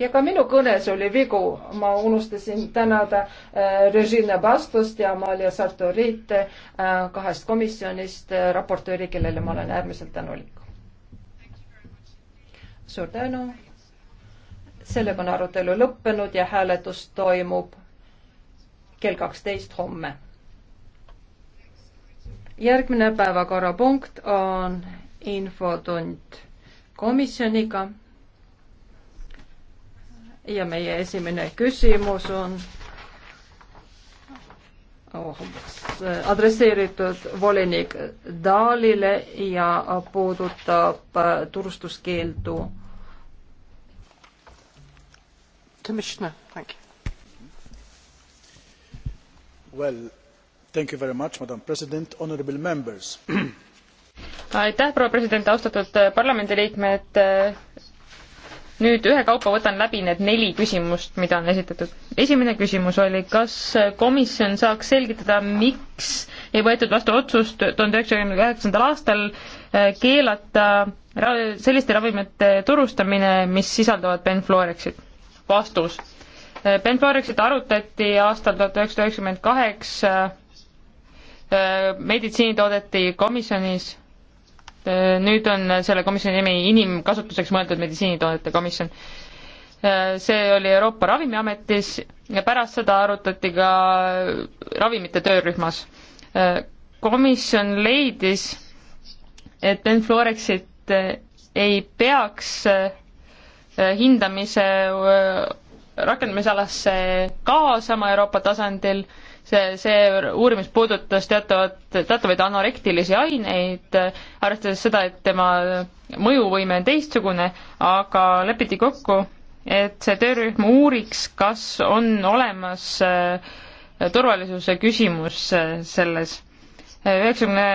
ja ka minu kõnes oli vigu, ma unustasin tänada äh, Regina Bastust ja Amalia Sartorit äh, kahest komisjonist äh,, raportööri, kellele ma olen äärmiselt tänulik. suur tänu. sellega on arutelu lõppenud ja hääletus toimub kell kaksteist homme. järgmine päevakorrapunkt on infotund komisjoniga ja meie esimene küsimus on oh, adresseeritud volinik Daalile ja puudutab äh, turustuskeeldu. Commissioner, thank you. Well, thank you very much, Madam President, honorable members. aitäh, proua president, austatud parlamendiliikmed nüüd ühekaupa võtan läbi need neli küsimust, mida on esitatud. esimene küsimus oli, kas komisjon saaks selgitada, miks ei võetud vastu otsust tuhande üheksasaja kaheksandal aastal äh, keelata selliste ravimite turustamine, mis sisaldavad benfluoreksit? vastus. Äh, benfluoreksit arutati aastal tuhat üheksasada üheksakümmend kaheksa äh, meditsiinitoodete komisjonis Äh, nüüd on selle komisjoni nimi inimkasutuseks mõeldud meditsiinitoodete komisjon. Äh, see oli Euroopa Ravimiametis ja pärast seda arutati ka ravimite töörühmas. Äh, komisjon leidis, et Benfluorexit ei peaks hindamise rakendamisalasse kaasama Euroopa tasandil see, see uurimus puudutas teatavat, teatavaid anorektilisi aineid, arvestades seda, et tema mõjuvõime on teistsugune, aga lepiti kokku, et see töörühm uuriks, kas on olemas äh, turvalisuse küsimus äh, selles. üheksakümne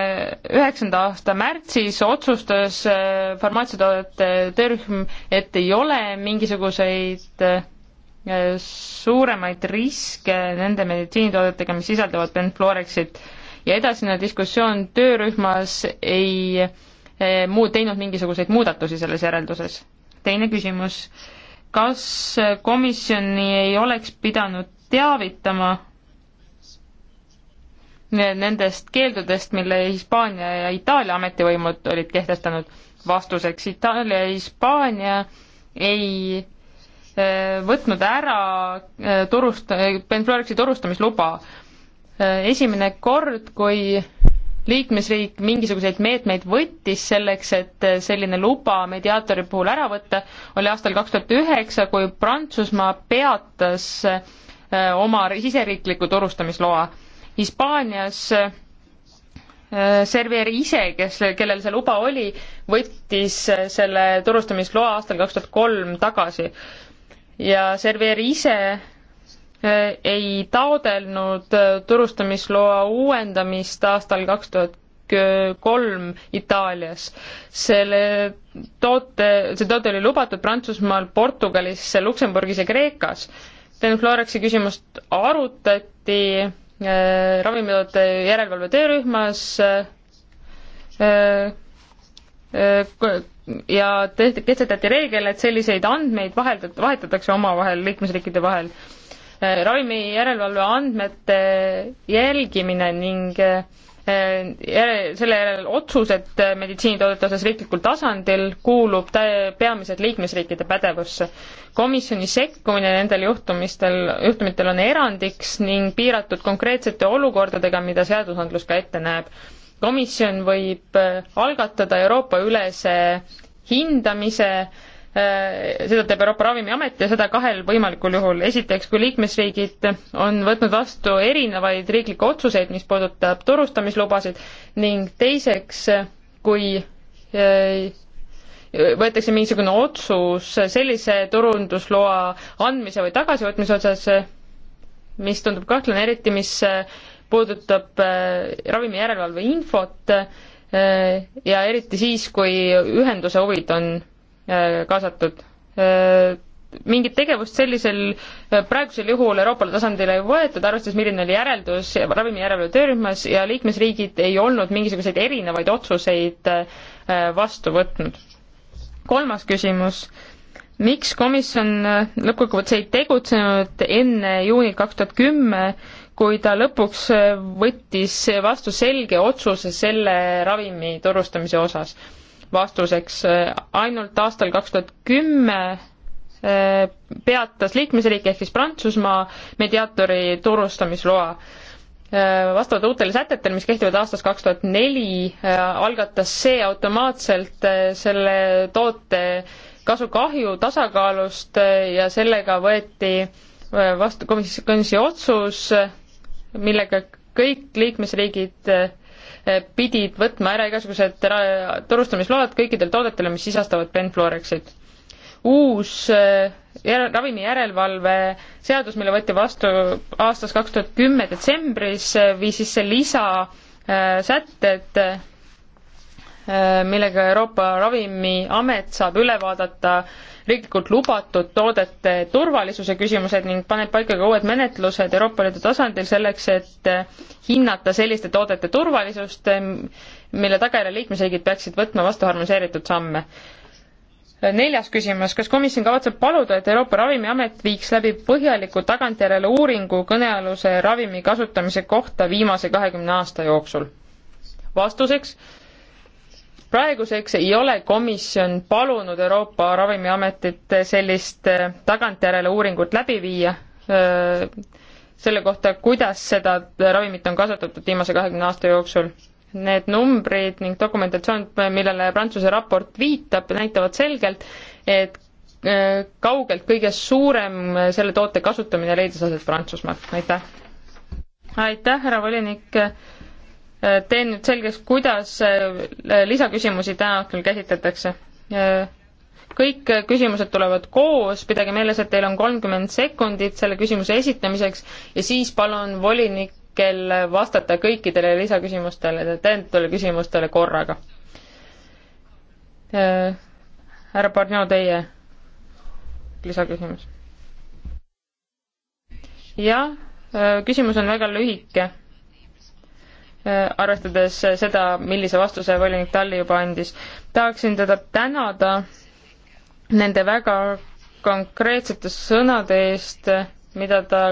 üheksanda aasta märtsis otsustas äh, farmaatsiatoodete töörühm, et ei ole mingisuguseid suuremaid riske nende meditsiinitoodetega, mis sisaldavad Benfluorexit ja edasine diskussioon töörühmas ei eh, muu, teinud mingisuguseid muudatusi selles järelduses. teine küsimus, kas komisjoni ei oleks pidanud teavitama nendest keeldudest, mille Hispaania ja Itaalia ametivõimud olid kehtestanud vastuseks. Itaalia ja Hispaania ei Äh, võtnud ära äh, turust, äh, Benfluorixi turustamisluba. esimene kord, kui liikmesriik mingisuguseid meetmeid võttis selleks, et selline luba mediaatori puhul ära võtta, oli aastal kaks tuhat üheksa, kui Prantsusmaa peatas oma siseriikliku turustamisloa. Hispaanias server ise, kes, kellel see luba oli, võttis selle turustamisloa aastal kaks tuhat kolm tagasi ja Servier ise eh, ei taodelnud eh, turustamisloa uuendamist aastal kaks tuhat kolm Itaalias. selle toote, see toode oli lubatud Prantsusmaal, Portugalis, Luksemburgis ja Kreekas. tänu Floreksi küsimust arutati äh, ravimitoodete järelevalve töörühmas äh, äh, ja kehtestati reegel, et selliseid andmeid vaheldat-, vahetatakse omavahel, liikmesriikide vahel. Eh, ravimijärelevalve andmete jälgimine ning eh, järe, selle järel otsused eh, meditsiinitoodete osas riiklikul tasandil kuulub peamiselt liikmesriikide pädevusse. komisjoni sekkumine nendel juhtumistel, juhtumitel on erandiks ning piiratud konkreetsete olukordadega, mida seadusandlus ka ette näeb komisjon võib äh, algatada Euroopa-ülese hindamise, äh, seda teeb Euroopa Ravimiamet ja seda kahel võimalikul juhul. esiteks, kui liikmesriigid on võtnud vastu erinevaid riiklikke otsuseid, mis puudutab turustamislubasid ning teiseks, kui äh, võetakse mingisugune otsus sellise turundusloa andmise või tagasivõtmise osas, mis tundub kahtlane, eriti mis puudutab äh, ravimi järelevalve infot äh, ja eriti siis, kui ühenduse huvid on äh, kaasatud. mingit tegevust sellisel, praegusel juhul Euroopa tasandil ei võetud, arvestades, milline oli järeldus ravimi järelevalve töörühmas ja liikmesriigid ei olnud mingisuguseid erinevaid otsuseid vastu võtnud. kolmas küsimus miks komisjon lõppkokkuvõttes ei tegutsenud enne juunit kaks tuhat kümme kui ta lõpuks eh, võttis vastu selge otsuse selle ravimi turustamise osas. vastuseks eh, ainult aastal kaks tuhat kümme eh, peatas liikmesriik ehk siis Prantsusmaa mediaatori turustamisloa vastavalt uutele sätetele, mis kehtivad aastast kaks tuhat neli, algatas see automaatselt selle toote kasu-kahju tasakaalust ja sellega võeti vastu komisjoni otsus millega kõik liikmesriigid eh, pidid võtma ära igasugused turustamisload kõikidel toodetel, mis sisestavad Benfluorexit. uus eh, jär-, ravimijärelevalve seadus, mille võeti vastu aastast kaks tuhat kümme detsembris, eh, viis sisse lisasätted, millega Euroopa Ravimiamet saab üle vaadata äh, riiklikult lubatud toodete turvalisuse küsimused ning paneb paika ka uued menetlused Euroopa Liidu tasandil selleks, et eh, hinnata selliste toodete turvalisust, eh, mille tagajärjel liikmesriigid peaksid võtma vastu harmoniseeritud samme eh, neljas küsimus, kas komisjon kavatseb paluda, et Euroopa Ravimiamet viiks läbi põhjaliku tagantjärele uuringu kõnealuse ravimi kasutamise kohta viimase kahekümne aasta jooksul? vastuseks praeguseks ei ole komisjon palunud Euroopa Ravimiametit sellist äh, tagantjärele uuringut läbi viia äh, selle kohta, kuidas seda ravimit on kasutatud viimase kahekümne aasta jooksul. Need numbrid ning dokumentatsioon, millele Prantsuse raport viitab, näitavad selgelt, et äh, kaugelt kõige suurem selle toote kasutamine leidis aset Prantsusmaal, aitäh! aitäh, härra volinik! teen nüüd selgeks, kuidas äh, lisaküsimusi täna õhtul käsitletakse. kõik küsimused tulevad koos, pidage meeles, et teil on kolmkümmend sekundit selle küsimuse esitamiseks ja siis palun volinikel vastata kõikidele lisaküsimustele, täiendavatele küsimustele korraga. Äh, härra Barnio, teie lisaküsimus. jah, äh, küsimus on väga lühike Äh, arvestades seda, millise vastuse volinik Talli juba andis. tahaksin teda tänada nende väga konkreetsete sõnade eest, mida ta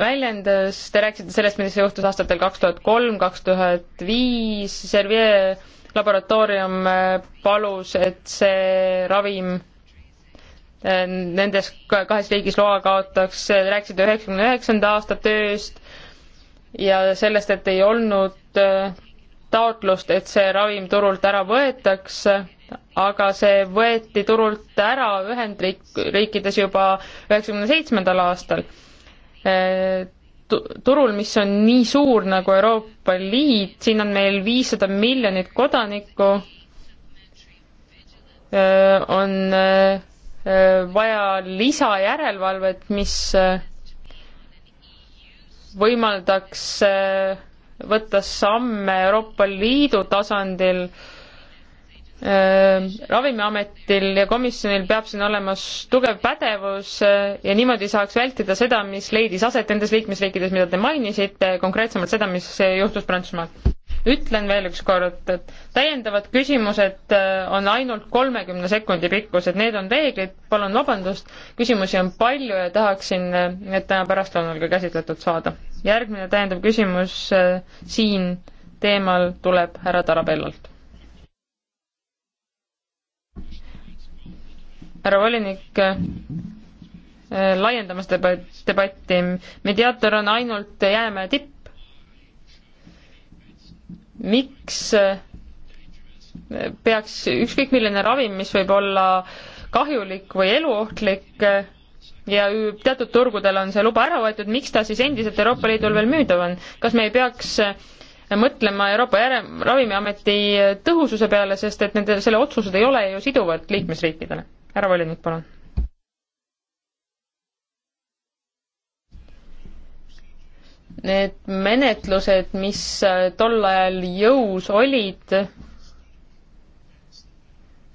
väljendas, te rääkisite sellest, mis juhtus aastatel kaks tuhat kolm, kaks tuhat viis, Servier laboratoorium äh, palus, et see ravim äh, nendes kahes riigis loa kaotaks, rääkisite üheksakümne üheksanda aasta tööst, ja sellest, et ei olnud äh, taotlust, et see ravim turult ära võetaks, aga see võeti turult ära Ühendriikides juba üheksakümne seitsmendal aastal. Äh, turul, mis on nii suur nagu Euroopa Liit, siin on meil viissada miljonit kodanikku, äh, on vaja lisajärelevalvet, mis võimaldaks võtta samme Euroopa Liidu tasandil äh, Ravimiametil ja komisjonil peab siin olema tugev pädevus äh, ja niimoodi saaks vältida seda, mis leidis aset nendes liikmesriikides, mida te mainisite, konkreetsemalt seda, mis juhtus Prantsusmaal ütlen veel ükskord, et täiendavad küsimused äh, on ainult kolmekümne sekundi pikkused, need on reeglid, palun vabandust, küsimusi on palju ja tahaksin äh, need täna pärastlõunal ka käsitletud saada. järgmine täiendav küsimus äh, siin teemal tuleb härra Tarabellalt. härra volinik, laiendame seda debatti, mediaator on ainult jäämäe tipp, miks eh, peaks ükskõik milline ravim, mis võib olla kahjulik või eluohtlik eh, ja teatud turgudel on see luba ära võetud, miks ta siis endiselt Euroopa Liidul veel müüdav on? kas me ei peaks eh, mõtlema Euroopa järe-, Ravimiameti tõhususe peale, sest et nende, selle otsused ei ole ju siduvad liikmesriikidele? härra volinik, palun need menetlused, mis äh, tol ajal jõus olid,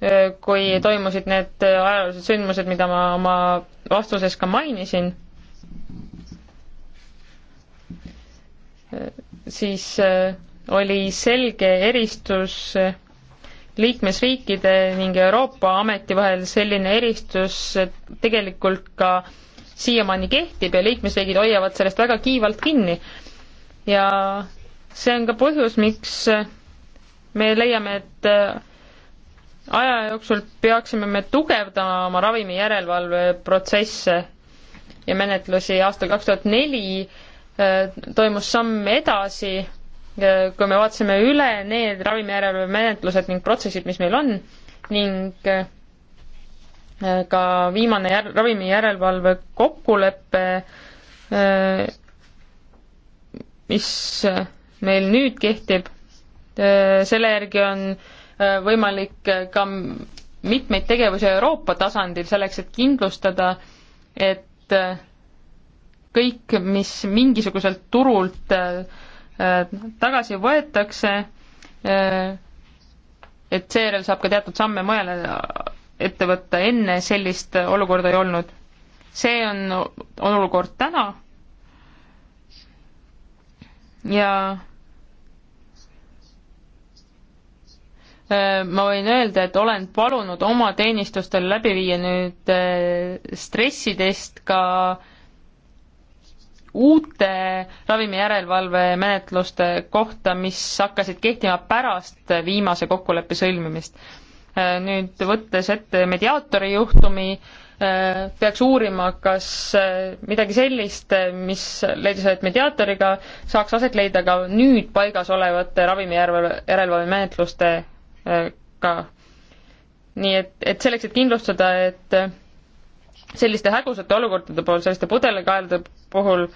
äh, kui toimusid need äh, ajaloolised sündmused, mida ma oma vastuses ka mainisin, siis oli selge eristus liikmesriikide ning Euroopa ameti vahel selline eristus tegelikult ka äh, siiamaani kehtib ja liikmesriigid hoiavad sellest väga kiivalt kinni. ja see on ka põhjus, miks me leiame, et äh, aja jooksul peaksime me tugevdama oma ravimijärelevalveprotsesse ja menetlusi. aastal kaks tuhat neli äh, toimus samm edasi, äh, kui me vaatasime üle need ravimijärelevalve menetlused ning protsessid, mis meil on ning ka viimane jär-, ravimijärelevalve kokkulepe, mis meil nüüd kehtib, selle järgi on võimalik ka mitmeid tegevusi Euroopa tasandil selleks, et kindlustada, et kõik, mis mingisuguselt turult tagasi võetakse, et seejärel saab ka teatud samme mujale ette võtta, enne sellist olukorda ei olnud. see on olukord täna ja äh, ma võin öelda, et olen palunud oma teenistustel läbi viia nüüd äh, stressitest ka uute ravimijärelevalve menetluste kohta, mis hakkasid kehtima pärast viimase kokkuleppe sõlmimist Äh, nüüd võttes ette mediaatori juhtumi, äh, peaks uurima, kas äh, midagi sellist, mis leidis aset mediaatoriga, saaks aset leida ka nüüd paigas olevate ravimijärelevalvemenetlustega. nii et, et selleks, et kindlustada, et selliste hägusate olukordade puhul, selliste pudelikaelade puhul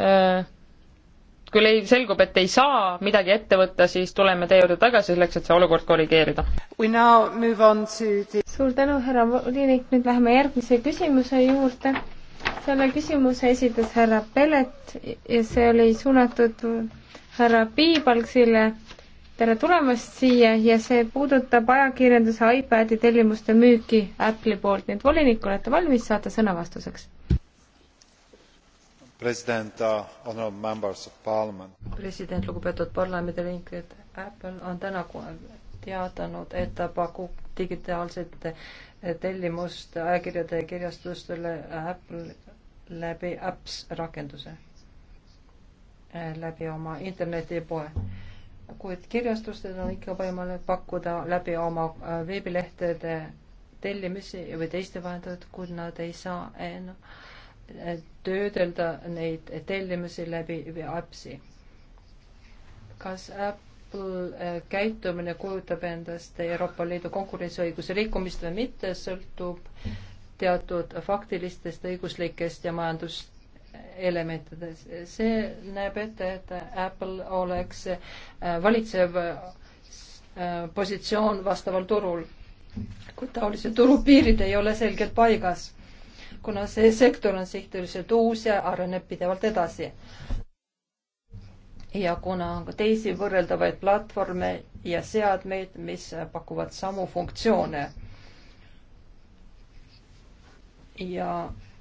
äh, kui leid-, selgub, et ei saa midagi ette võtta, siis tuleme teie juurde tagasi selleks, et see olukord korrigeerida. The... suur tänu, härra volinik, nüüd läheme järgmise küsimuse juurde. selle küsimuse esitas härra Pellet ja see oli suunatud härra Piibalgsile. tere tulemast siia ja see puudutab ajakirjanduse iPadi tellimuste müüki Apple'i poolt, nii et volinik, olete valmis, saate sõna vastuseks Uh, president lugupeetud parlamendiliikmed apple on täna teatanud et ta pakub digitaalset tellimust ajakirjade ja kirjastustele apple läbi apps rakenduse äh, läbi oma internetipoe kuid kirjastustel on ikka võimalik pakkuda läbi oma äh, veebilehtede tellimisi või teiste vahendajad kui nad ei saa enam töödelda neid tellimusi läbi äpsi. kas Apple äh, käitumine kujutab endast Euroopa Liidu konkurentsiõiguse rikkumist või mitte, sõltub teatud faktilistest õiguslikest ja majanduselementidest. see näeb ette, et Apple oleks äh, valitsev äh, positsioon vastaval turul, kui taolise turu piirid ei ole selgelt paigas kuna see sektor on sihtiliselt uus ja areneb pidevalt edasi. ja kuna on ka teisi võrreldavaid platvorme ja seadmeid, mis pakuvad samu funktsioone. ja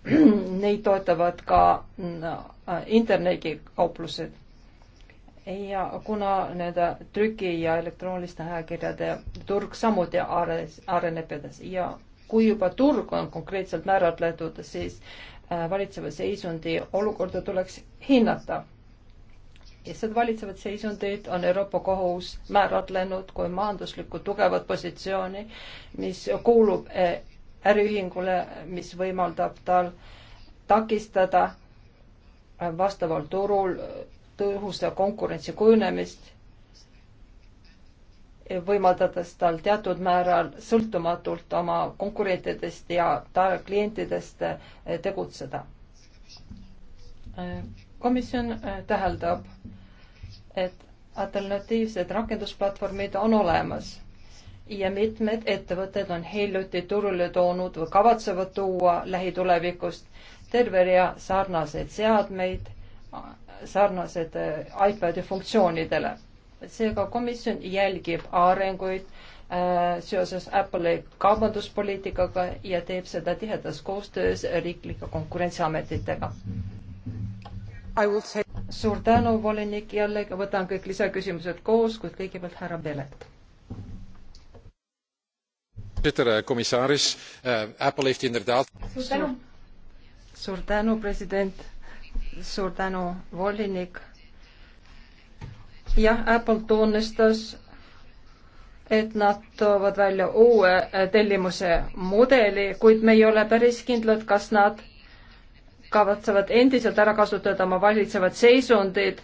neid toetavad ka mm, äh, internetikauplused. ja kuna nii-öelda trüki ja elektrooniliste ajakirjade turg samuti arenes, areneb edasi ja kui juba turg on konkreetselt määratletud, siis äh, valitseva seisundi olukorda tuleks hinnata. ja seda valitsevat seisundit on Euroopa Kohus määratlenud kui majanduslikku tugevat positsiooni, mis kuulub äh, äriühingule, mis võimaldab tal takistada äh, vastaval turul tõhusa konkurentsi kujunemist võimaldades tal teatud määral sõltumatult oma konkurentidest ja ta klientidest eh, tegutseda. Eh, komisjon eh, täheldab, et alternatiivsed rakendusplatvormid on olemas ja mitmed ettevõtted on hiljuti turule toonud või kavatsevad tuua lähitulevikust terve rea sarnaseid seadmeid, sarnased iPadi funktsioonidele seega komisjon jälgib arenguid äh, seoses Apple'i kaubanduspoliitikaga ja teeb seda tihedas koostöös riiklike konkurentsiametitega. Say... suur tänu, volinik, jällegi võtan kõik lisaküsimused koos, kuid kõigepealt härra Belet. komissaris, eh, eh, Apple heeft inderdaad suur tänu, suur tänu, president, suur tänu, volinik jah, Apple tunnistas, et nad toovad välja uue eh, tellimuse mudeli, kuid me ei ole päris kindlad, kas nad kavatsevad endiselt ära kasutada oma valitsevat seisundit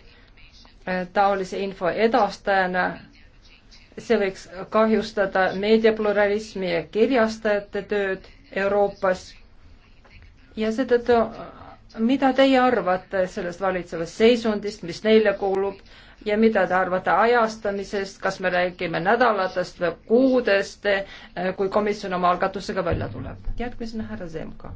eh, taolise info edastajana. see võiks kahjustada meediapluralismi ja kirjastajate tööd Euroopas. ja seetõttu, mida teie arvate sellest valitsevast seisundist, mis neile kuulub? ja mida te arvate ajastamisest, kas me räägime nädalatest või kuudest, eh, kui komisjon oma algatusega välja tuleb? järgmisena härra Zemka.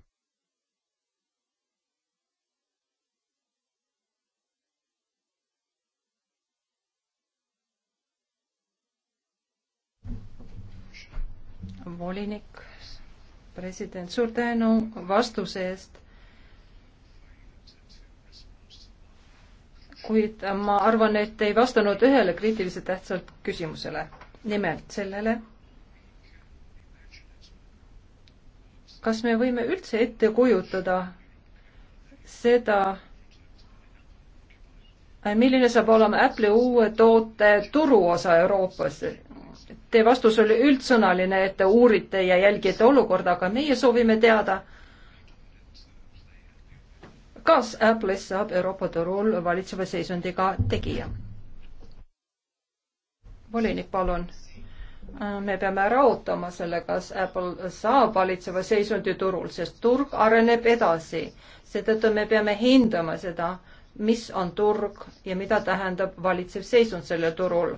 volinik, president, suur tänu vastuse eest kuid ma arvan, et ei vastanud ühele kriitiliselt tähtsalt küsimusele. nimelt sellele, kas me võime üldse ette kujutada seda, milline saab olema Apple'i uue toote turuosa Euroopas? Teie vastus oli üldsõnaline, et te uurite ja jälgite olukorda, aga meie soovime teada, kas Apple'ist saab Euroopa turul valitseva seisundiga tegija? volinik, palun. me peame ära ootama selle, kas Apple saab valitseva seisundi turul, sest turg areneb edasi. seetõttu me peame hindama seda, mis on turg ja mida tähendab valitsev seisund sellel turul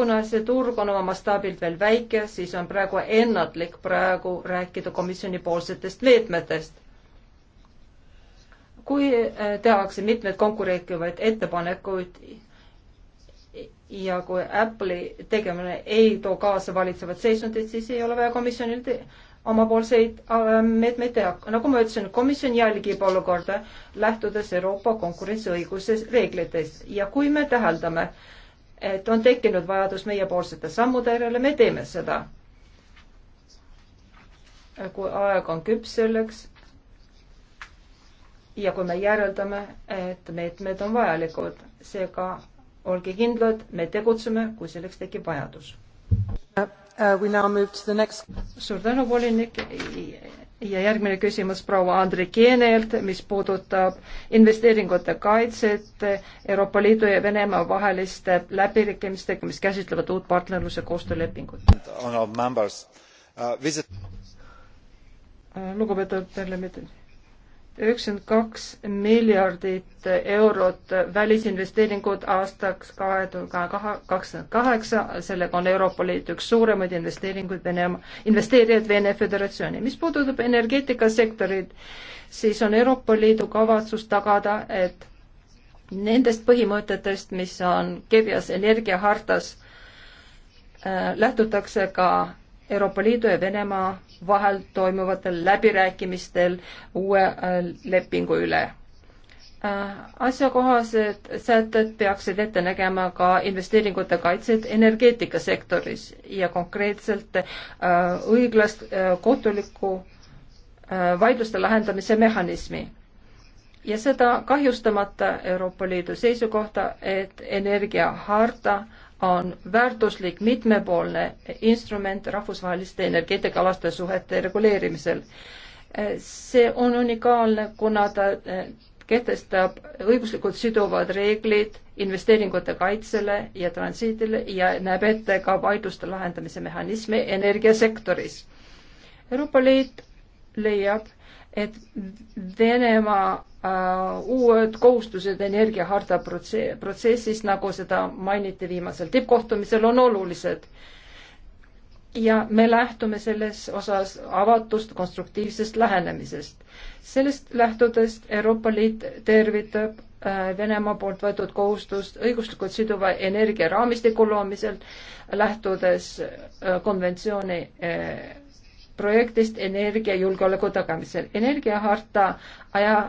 kuna see turg on oma mastaabilt veel väike, siis on praegu ennatlik praegu rääkida komisjonipoolsetest meetmetest kui äh, tehakse mitmeid konkureerivaid ettepanekuid ja kui Apple'i tegemine ei too kaasa valitsevat seisundit, siis ei ole vaja komisjonil omapoolseid äh, meetmeid teha. nagu ma ütlesin, komisjon jälgib olukorda, lähtudes Euroopa konkurentsiõiguses reeglitest ja kui me täheldame, et on tekkinud vajadus meiepoolsete sammude järele, me teeme seda. kui aeg on küps selleks ja kui me järeldame, et meetmed on vajalikud, seega olge kindlad, me tegutseme, kui selleks tekib vajadus. Uh, uh, suur tänu, volinik ja järgmine küsimus proua Andrikienelt, mis puudutab investeeringute kaitset Euroopa Liidu ja Venemaa vaheliste läbirääkimistega, mis käsitlevad uut partnerluse koostöölepingut. Uh, lugupeetud parlamendi üheksakümmend kaks miljardit eurot välisinvesteeringud aastaks kahe tuhande kakskümmend kaheksa, sellega on Euroopa Liit üks suuremaid investeeringuid Venemaa, investeerijaid Vene Föderatsiooni. mis puudutab energeetikasektorit, siis on Euroopa Liidu kavatsus tagada, et nendest põhimõtetest, mis on kirjas energiahartas, äh, lähtutakse ka Euroopa Liidu ja Venemaa vahel toimuvatel läbirääkimistel uue äh, lepingu üle. Äh, asjakohased sätted peaksid ette nägema ka investeeringute kaitset energeetikasektoris ja konkreetselt äh, õiglast kohtuliku vaidluste lahendamise mehhanismi ja seda kahjustamata Euroopa Liidu seisukohta, et energiaharta äh, on väärtuslik mitmepoolne instrument rahvusvaheliste energeetikalaste suhete reguleerimisel. see on unikaalne, kuna ta eh, kehtestab õiguslikult siduvad reeglid investeeringute kaitsele ja transiidile ja näeb ette ka vaidluste lahendamise mehhanismi energiasektoris. Euroopa Liit leiab, et Venemaa uh, uued kohustused energiaharta protsessis, protsessis, nagu seda mainiti viimasel tippkohtumisel, on olulised. ja me lähtume selles osas avatust konstruktiivsest lähenemisest. sellest lähtudes Euroopa Liit tervitab uh, Venemaa poolt võetud kohustust õiguslikult siduva energiaraamistiku loomisel, lähtudes uh, konventsiooni uh, projektist energiajulgeoleku tagamisel. energiaharta aja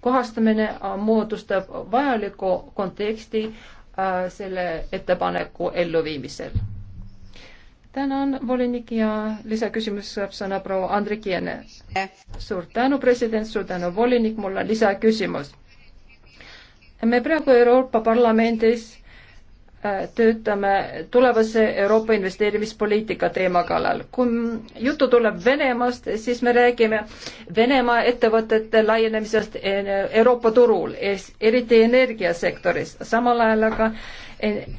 kohastamine moodustab vajaliku konteksti äh, selle ettepaneku elluviimisel. tänan, volinik ja lisaküsimus saab sõna proua Andrik Jene. suur tänu, president, suur tänu, volinik, mul on lisaküsimus. me praegu Euroopa Parlamendis Äh, töötame tulevase Euroopa investeerimispoliitika teema kallal. kui juttu tuleb Venemaast, siis me räägime Venemaa ettevõtete laienemisest Euroopa turul, eriti energiasektoris. samal ajal aga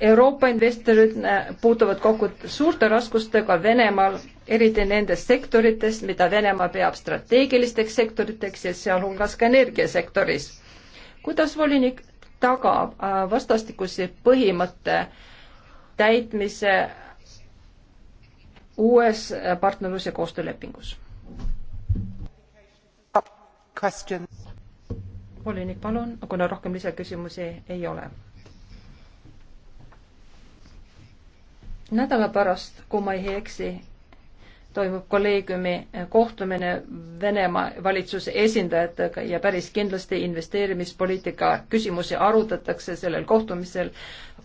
Euroopa investorid äh, puutuvad kokku suurte raskustega Venemaal, eriti nendes sektorites, mida Venemaa peab strateegilisteks sektoriteks ja sealhulgas ka energiasektoris. kuidas volinik tagab äh, vastastikuse põhimõtte täitmise uues äh, partnerlus- ja koostöölepingus. volinik, palun, kuna rohkem lisaküsimusi ei ole. nädala pärast, kui ma ei eksi, toimub kolleegiumi kohtumine Venemaa valitsuse esindajatega ja päris kindlasti investeerimispoliitika küsimusi arutatakse sellel kohtumisel,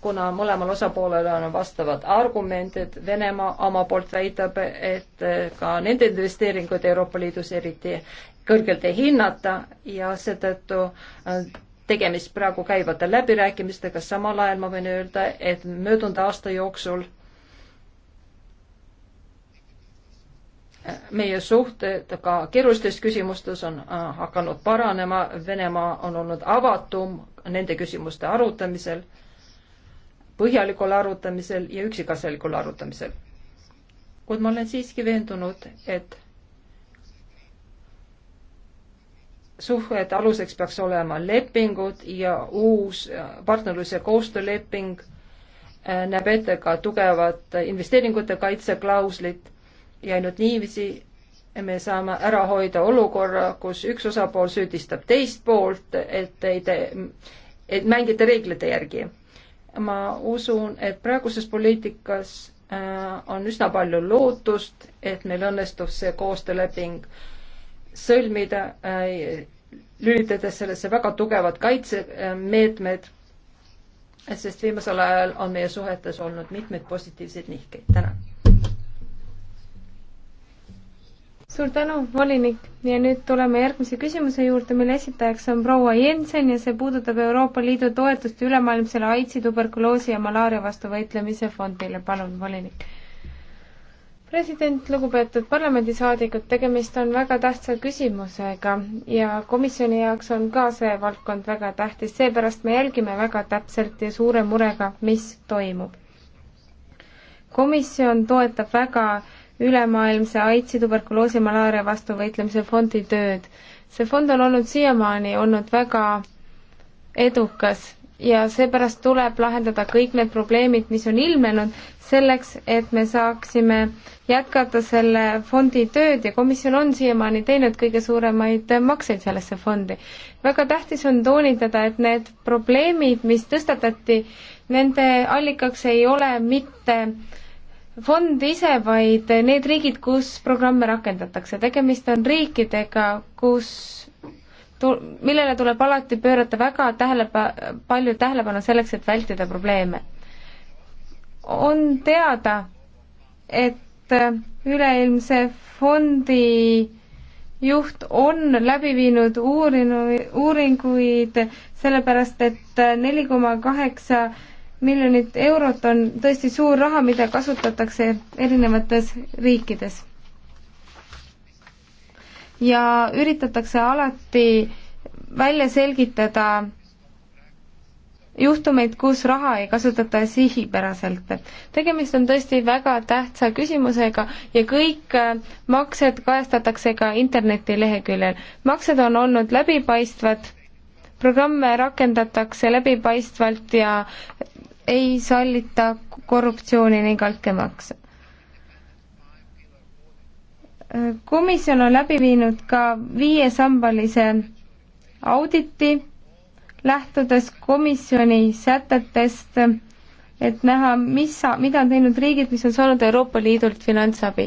kuna mõlemal osapoolel on vastavad argumendid. Venemaa oma poolt väidab, et ka nende investeeringuid Euroopa Liidus eriti kõrgelt ei hinnata ja seetõttu äh, tegemist praegu käivate läbirääkimistega, samal ajal ma võin öelda, et möödunud aasta jooksul meie suhted ka keerulistes küsimustes on äh, hakanud paranema, Venemaa on olnud avatum nende küsimuste arutamisel, põhjalikul arutamisel ja üksikasjalikul arutamisel. kuid ma olen siiski veendunud, et suhete aluseks peaks olema lepingud ja uus äh, partnerlus- ja koostööleping äh, näeb ette ka tugevat investeeringute kaitseklauslit ja ainult niiviisi me saame ära hoida olukorra, kus üks osapool süüdistab teist poolt, et ei tee, et mängite reeglite järgi. ma usun, et praeguses poliitikas äh, on üsna palju lootust, et meil õnnestub see koostööleping sõlmida, äh, lülitades sellesse väga tugevad kaitsemeetmed, sest viimasel ajal on meie suhetes olnud mitmeid positiivseid nihkeid. tänan suur tänu, volinik ja nüüd tuleme järgmise küsimuse juurde, mille esitajaks on proua Jensen ja see puudutab Euroopa Liidu toetust ülemaailmsele AIDSi, tuberkuloosi ja malaaria vastu võitlemise fondile, palun, volinik. president, lugupeetud parlamendisaadikud, tegemist on väga tähtsa küsimusega ja komisjoni jaoks on ka see valdkond väga tähtis, seepärast me jälgime väga täpselt ja suure murega, mis toimub. komisjon toetab väga ülemaailmse AIDSi, tuberkuloosi ja malaaria vastu võitlemise fondi tööd. see fond on olnud siiamaani olnud väga edukas ja seepärast tuleb lahendada kõik need probleemid, mis on ilmnenud, selleks, et me saaksime jätkata selle fondi tööd ja komisjon on siiamaani teinud kõige suuremaid makseid sellesse fondi. väga tähtis on toonitada, et need probleemid, mis tõstatati, nende allikaks ei ole mitte äh, fond ise, vaid need riigid, kus programme rakendatakse. tegemist on riikidega, kus tu-, millele tuleb alati pöörata väga tähelepa-, palju tähelepanu selleks, et vältida probleeme. on teada, et üleilmse fondi juht on läbi viinud uurinu-, uuringuid, sellepärast et neli koma kaheksa miljonit eurot on tõesti suur raha, mida kasutatakse erinevates riikides. ja üritatakse alati välja selgitada juhtumeid, kus raha ei kasutata sihipäraselt. tegemist on tõesti väga tähtsa küsimusega ja kõik äh, maksed kajastatakse ka internetileheküljel. maksed on olnud läbipaistvad, programme rakendatakse läbipaistvalt ja ei sallita korruptsiooni ning altkäemakse. komisjon on läbi viinud ka viiesambalise auditi, lähtudes komisjoni sätetest, et näha, mis, mida on teinud riigid, mis on saanud Euroopa Liidult finantsabi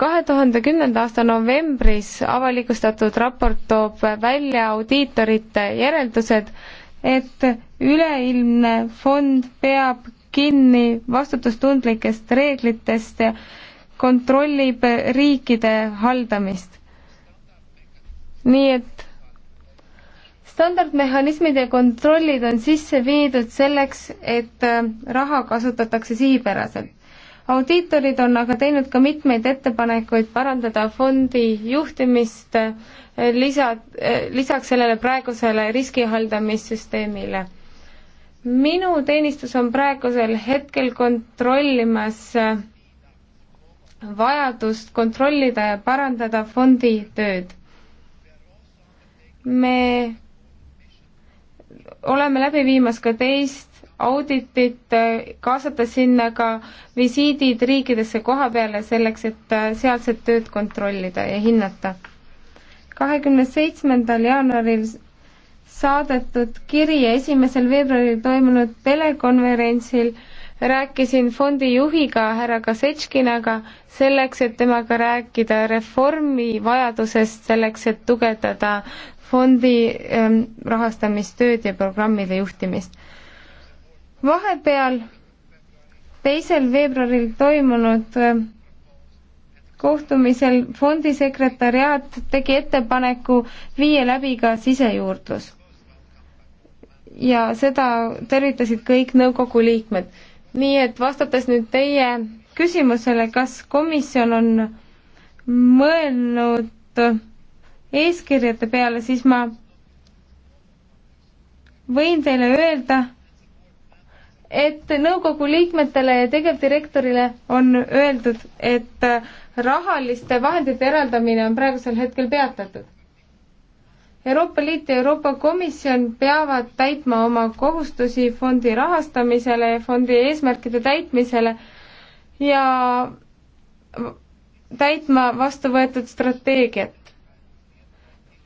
kahe tuhande kümnenda aasta novembris avalikustatud raport toob välja audiitorite järeldused et üleilmne fond peab kinni vastutustundlikest reeglitest ja kontrollib riikide haldamist. nii et standardmehhanismid ja kontrollid on sisse viidud selleks, et äh, raha kasutatakse sihipäraselt audiitorid on aga teinud ka mitmeid ettepanekuid parandada fondi juhtimist eh, lisa, eh, lisaks sellele praegusele riskihaldamissüsteemile. minu teenistus on praegusel hetkel kontrollimas eh, vajadust kontrollida ja parandada fondi tööd. me oleme läbi viimas ka teist auditit, äh, kaasata sinna ka visiidid riikidesse koha peale selleks, et äh, sealset tööd kontrollida ja hinnata. kahekümne seitsmendal jaanuaril saadetud kiri ja esimesel veebruaril toimunud telekonverentsil rääkisin fondi juhiga härra Kasetškinaga selleks, et temaga rääkida reformi vajadusest, selleks et tugevdada fondi ähm, rahastamistööd ja programmide juhtimist vahepeal teisel veebruaril toimunud äh, kohtumisel fondi sekretäriaat tegi ettepaneku viia läbi ka sisejuurdlus. ja seda tervitasid kõik nõukogu liikmed. nii et vastates nüüd teie küsimusele, kas komisjon on mõelnud eeskirjade peale, siis ma võin teile öelda, et nõukogu liikmetele ja tegevdirektorile on öeldud, et rahaliste vahendite eraldamine on praegusel hetkel peatatud. Euroopa Liit ja Euroopa Komisjon peavad täitma oma kohustusi fondi rahastamisele ja fondi eesmärkide täitmisele ja täitma vastu võetud strateegiat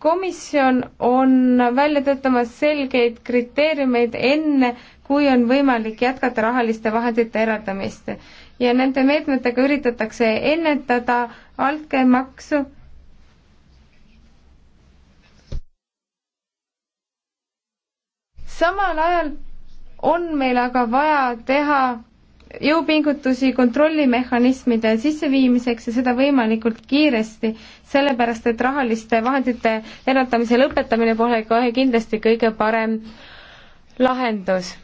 komisjon on välja töötamas selgeid kriteeriumeid enne, kui on võimalik jätkata rahaliste vahendite eraldamist. ja nende meetmetega üritatakse ennetada altkäemaksu samal ajal on meil aga vaja teha jõupingutusi kontrollimehhanismide sisseviimiseks ja seda võimalikult kiiresti, sellepärast et rahaliste vahendite eraldamise lõpetamine pole kohe kindlasti kõige parem lahendus,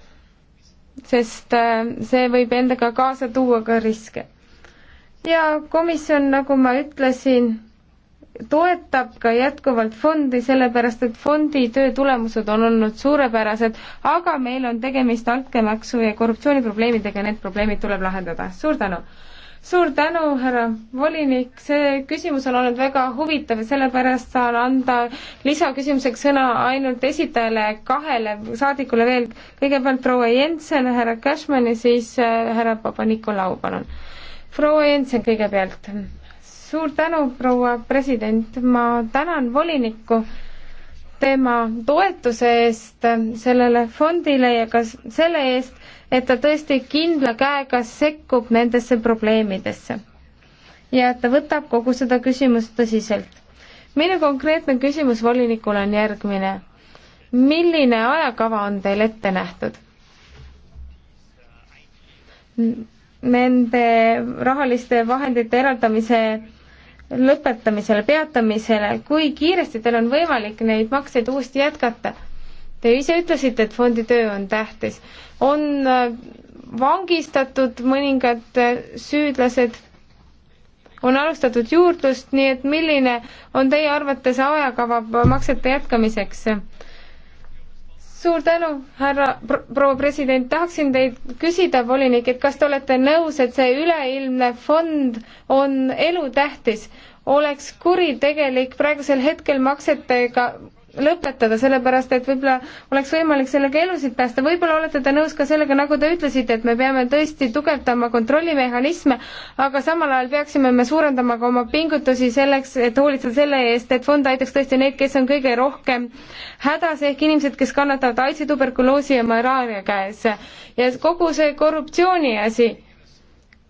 sest äh, see võib endaga kaasa tuua ka riske. ja komisjon, nagu ma ütlesin, toetab ka jätkuvalt fondi, sellepärast et fondi töö tulemused on olnud suurepärased, aga meil on tegemist altkäemaksu ja korruptsiooniprobleemidega, need probleemid tuleb lahendada. suur tänu! suur tänu, härra volinik, see küsimus on olnud väga huvitav ja sellepärast saan anda lisaküsimuseks sõna ainult esitajale kahele saadikule veel. kõigepealt proua Jensen, härra Cashman ja siis äh, härra Papa-Nikolau, palun. proua Jensen kõigepealt, suur tänu, proua president, ma tänan volinikku tema toetuse eest sellele fondile ja ka selle eest, et ta tõesti kindla käega sekkub nendesse probleemidesse. ja et ta võtab kogu seda küsimust tõsiselt. minu konkreetne küsimus volinikule on järgmine. milline ajakava on teil ette nähtud? Nende rahaliste vahendite eraldamise lõpetamisele, peatamisele, kui kiiresti teil on võimalik neid makseid uuesti jätkata? Te ise ütlesite, et fondi töö on tähtis. on äh, vangistatud mõningad äh, süüdlased, on alustatud juurdlust, nii et milline on teie arvates ajakava maksete jätkamiseks? suur tänu, härra proua president, tahaksin teid küsida, volinik, et kas te olete nõus, et see üleilmne fond on elutähtis, oleks kuritegelik praegusel hetkel maksetega lõpetada, sellepärast et võib-olla oleks võimalik sellega elusid päästa, võib-olla olete te nõus ka sellega, nagu te ütlesite, et me peame tõesti tugevdama kontrollimehhanisme, aga samal ajal peaksime me suurendama ka oma pingutusi selleks, et hoolitseda selle eest, et fond aitaks tõesti neid, kes on kõige rohkem hädas, ehk inimesed, kes kannatavad AIDSi, tuberkuloosi ja malaaria käes. ja kogu see korruptsiooni asi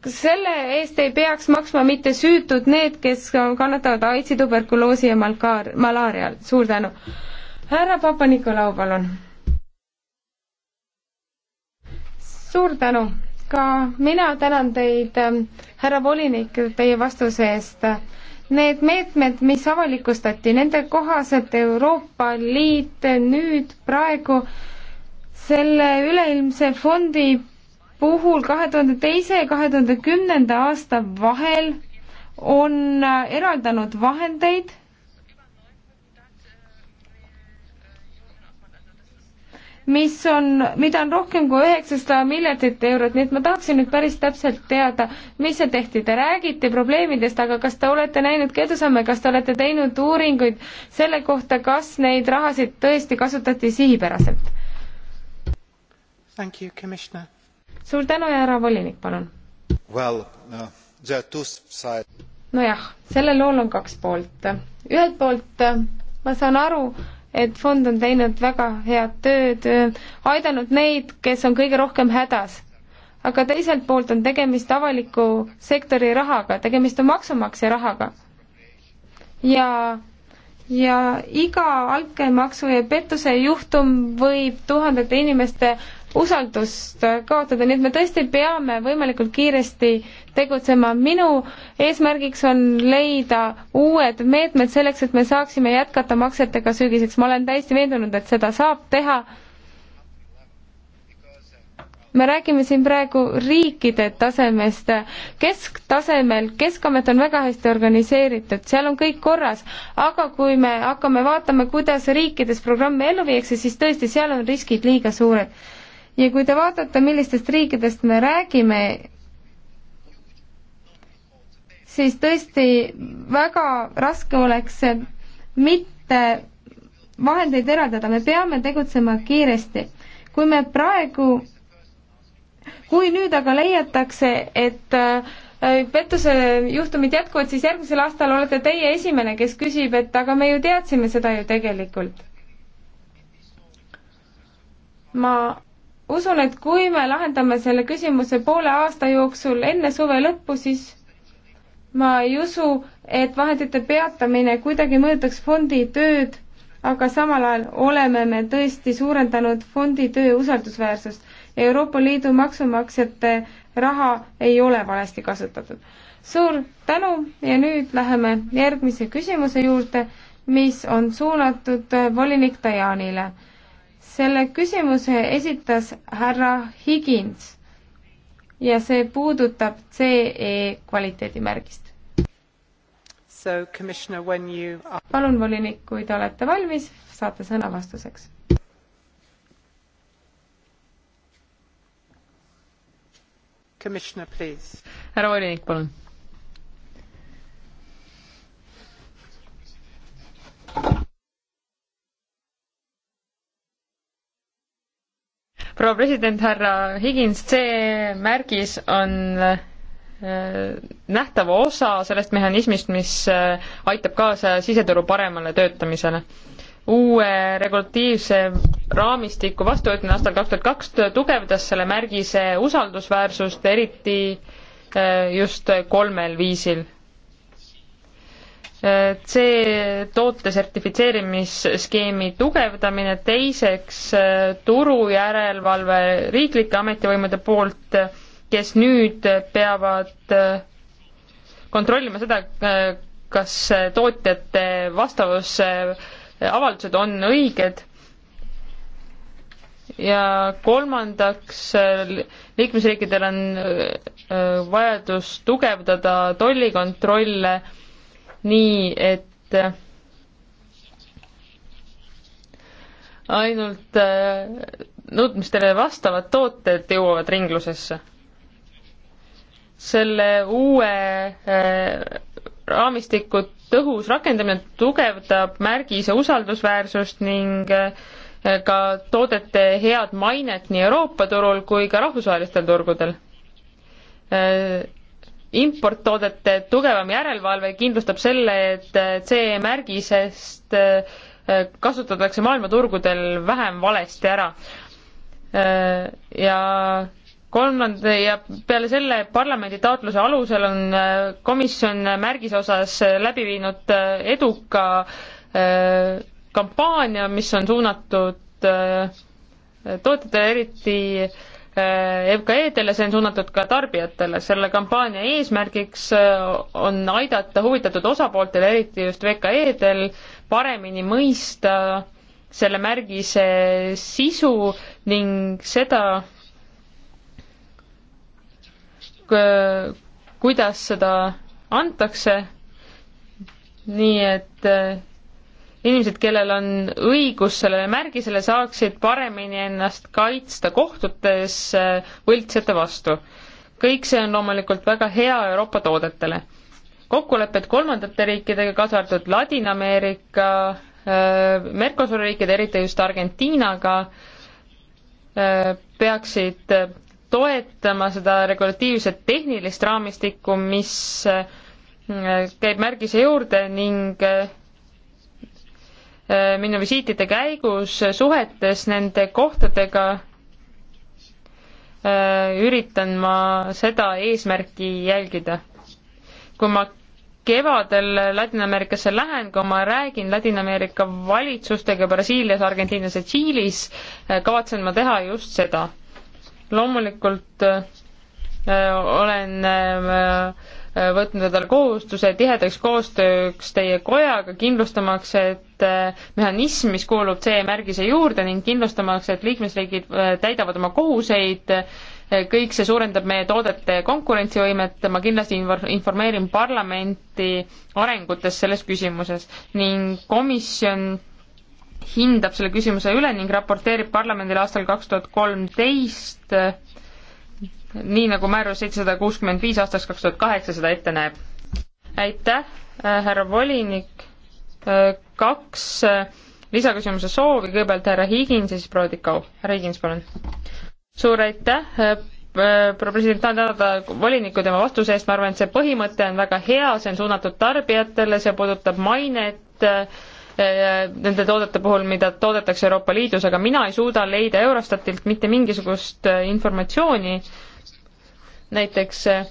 selle eest ei peaks maksma mitte süütud need, kes kannatavad AIDSi, tuberkuloosi ja malkaar-, malaarial. suur tänu. härra Papa-Nikolau, palun. suur tänu. ka mina tänan teid, ähm, härra volinik, teie vastuse eest. Need meetmed, mis avalikustati, nende kohaselt Euroopa Liit nüüd praegu selle üleilmse fondi puhul kahe tuhande teise ja kahe tuhande kümnenda aasta vahel on äh, eraldanud vahendeid mis on, mida on rohkem kui üheksasada miljardit eurot, nii et ma tahaksin nüüd päris täpselt teada, mis seal tehti, te räägite probleemidest, aga kas te olete näinud ka edusamme, kas te olete teinud uuringuid selle kohta, kas neid rahasid tõesti kasutati sihipäraselt? Thank you, Commissioner suur tänu ja härra volinik, palun well,. nojah, sellel lool on kaks poolt. ühelt poolt äh, ma saan aru, et fond on teinud väga head tööd, äh, aidanud neid, kes on kõige rohkem hädas aga teiselt poolt on tegemist avaliku sektori rahaga, tegemist on maksumaksja rahaga. ja, ja iga altkäemaksu ja pettuse juhtum võib tuhandete inimeste usaldust kaotada, nii et me tõesti peame võimalikult kiiresti tegutsema. minu eesmärgiks on leida uued meetmed selleks, et me saaksime jätkata maksetega sügiseks. ma olen täiesti veendunud, et seda saab teha. me räägime siin praegu riikide tasemest. kesktasemel, Keskamet on väga hästi organiseeritud, seal on kõik korras, aga kui me hakkame vaatama, kuidas riikides programme ellu viiakse, siis tõesti, seal on riskid liiga suured ja kui te vaatate, millistest riikidest me räägime, siis tõesti väga raske oleks mitte vahendeid eraldada, me peame tegutsema kiiresti. kui me praegu, kui nüüd aga leiatakse, et äh, pettuse juhtumid jätkuvad, siis järgmisel aastal olete teie esimene, kes küsib, et aga me ju teadsime seda ju tegelikult. ma usun, et kui me lahendame selle küsimuse poole aasta jooksul enne suve lõppu, siis ma ei usu, et vahendite peatamine kuidagi mõjutaks fondi tööd, aga samal ajal oleme me tõesti suurendanud fondi töö usaldusväärsust. Euroopa Liidu maksumaksjate raha ei ole valesti kasutatud. suur tänu ja nüüd läheme järgmise küsimuse juurde, mis on suunatud volinik Dajanile selle küsimuse esitas härra Higins ja see puudutab CE kvaliteedimärgist. Are... palun, volinik, kui te olete valmis, saate sõna vastuseks. härra volinik, palun proua president, härra Higins, see märgis on äh, nähtav osa sellest mehhanismist, mis äh, aitab kaasa siseturu paremale töötamisele. uue regulatiivse raamistiku vastuvõtmine aastal kaks tuhat kaks tugevdas selle märgise usaldusväärsust, eriti äh, just kolmel viisil. C-toote sertifitseerimisskeemi tugevdamine, teiseks äh, turu järelevalve riiklike ametivõimude poolt, kes nüüd peavad äh, kontrollima seda, äh, kas tootjate vastavusavaldused on õiged ja kolmandaks liikmesriikidel on vajadus tugevdada tollikontrolle nii et ainult äh, nõudmistele vastavad tooted jõuavad ringlusesse. selle uue äh, raamistiku tõhus rakendamine tugevdab märgise usaldusväärsust ning äh, ka toodete head mainet nii Euroopa turul kui ka rahvusvahelistel turgudel importtoodete tugevam järelevalve kindlustab selle, et CE märgisest äh, kasutatakse maailmaturgudel vähem valesti ära. Äh, ja kolmanda ja peale selle parlamendi taotluse alusel on äh, komisjon märgise osas läbi viinud eduka kampaania, mis on suunatud tootjatele, eriti Äh, FKE-dele, see on suunatud ka tarbijatele. selle kampaania eesmärgiks äh, on aidata huvitatud osapooltel, eriti just VKE-del, paremini mõista selle märgise sisu ning seda, kuidas seda antakse, nii et äh, inimesed, kellel on õigus sellele märgisele, saaksid paremini ennast kaitsta kohtutes äh, võltsjate vastu. kõik see on loomulikult väga hea Euroopa toodetele. kokkulepped kolmandate riikidega, kaasa arvatud Ladina-Ameerika, äh, Mercosuri riikide, eriti just Argentiinaga, äh, peaksid toetama seda regulatiivset tehnilist raamistikku, mis käib märgise juurde ning Äh, minu visiitide käigus äh, suhetes nende kohtadega äh, üritan ma seda eesmärki jälgida. kui ma kevadel Ladina-Ameerikasse lähen, kui ma räägin Ladina-Ameerika valitsustega Brasiilias, Argentiinas ja Tšiilis, kavatsen ma teha just seda. loomulikult öö, olen öö, võtnud endale kohustuse tihedaks koostööks teie kojaga, kindlustamaks, et äh, mehhanism, mis kuulub C-märgise juurde ning kindlustamaks, et liikmesriigid äh, täidavad oma kohuseid, äh, kõik see suurendab meie toodete konkurentsivõimet, ma kindlasti informeerin parlamenti arengutest selles küsimuses ning komisjon hindab selle küsimuse üle ning raporteerib parlamendile aastal kaks tuhat kolmteist nii nagu määrus seitsesada kuuskümmend viis aastast kaks tuhat kaheksa seda ette näeb. aitäh, äh, härra volinik, äh, kaks äh, lisaküsimuse soovi, kõigepealt härra Higins ja siis proua Tikau. härra Higins, palun. suur aitäh, proua president, tahan tänada volinikku tema vastuse eest, ma arvan, et see põhimõte on väga hea, see on suunatud tarbijatele, see puudutab mainet, nende toodete puhul, mida toodetakse Euroopa Liidus, aga mina ei suuda leida Eurostatilt mitte mingisugust informatsiooni äh, näiteks eh,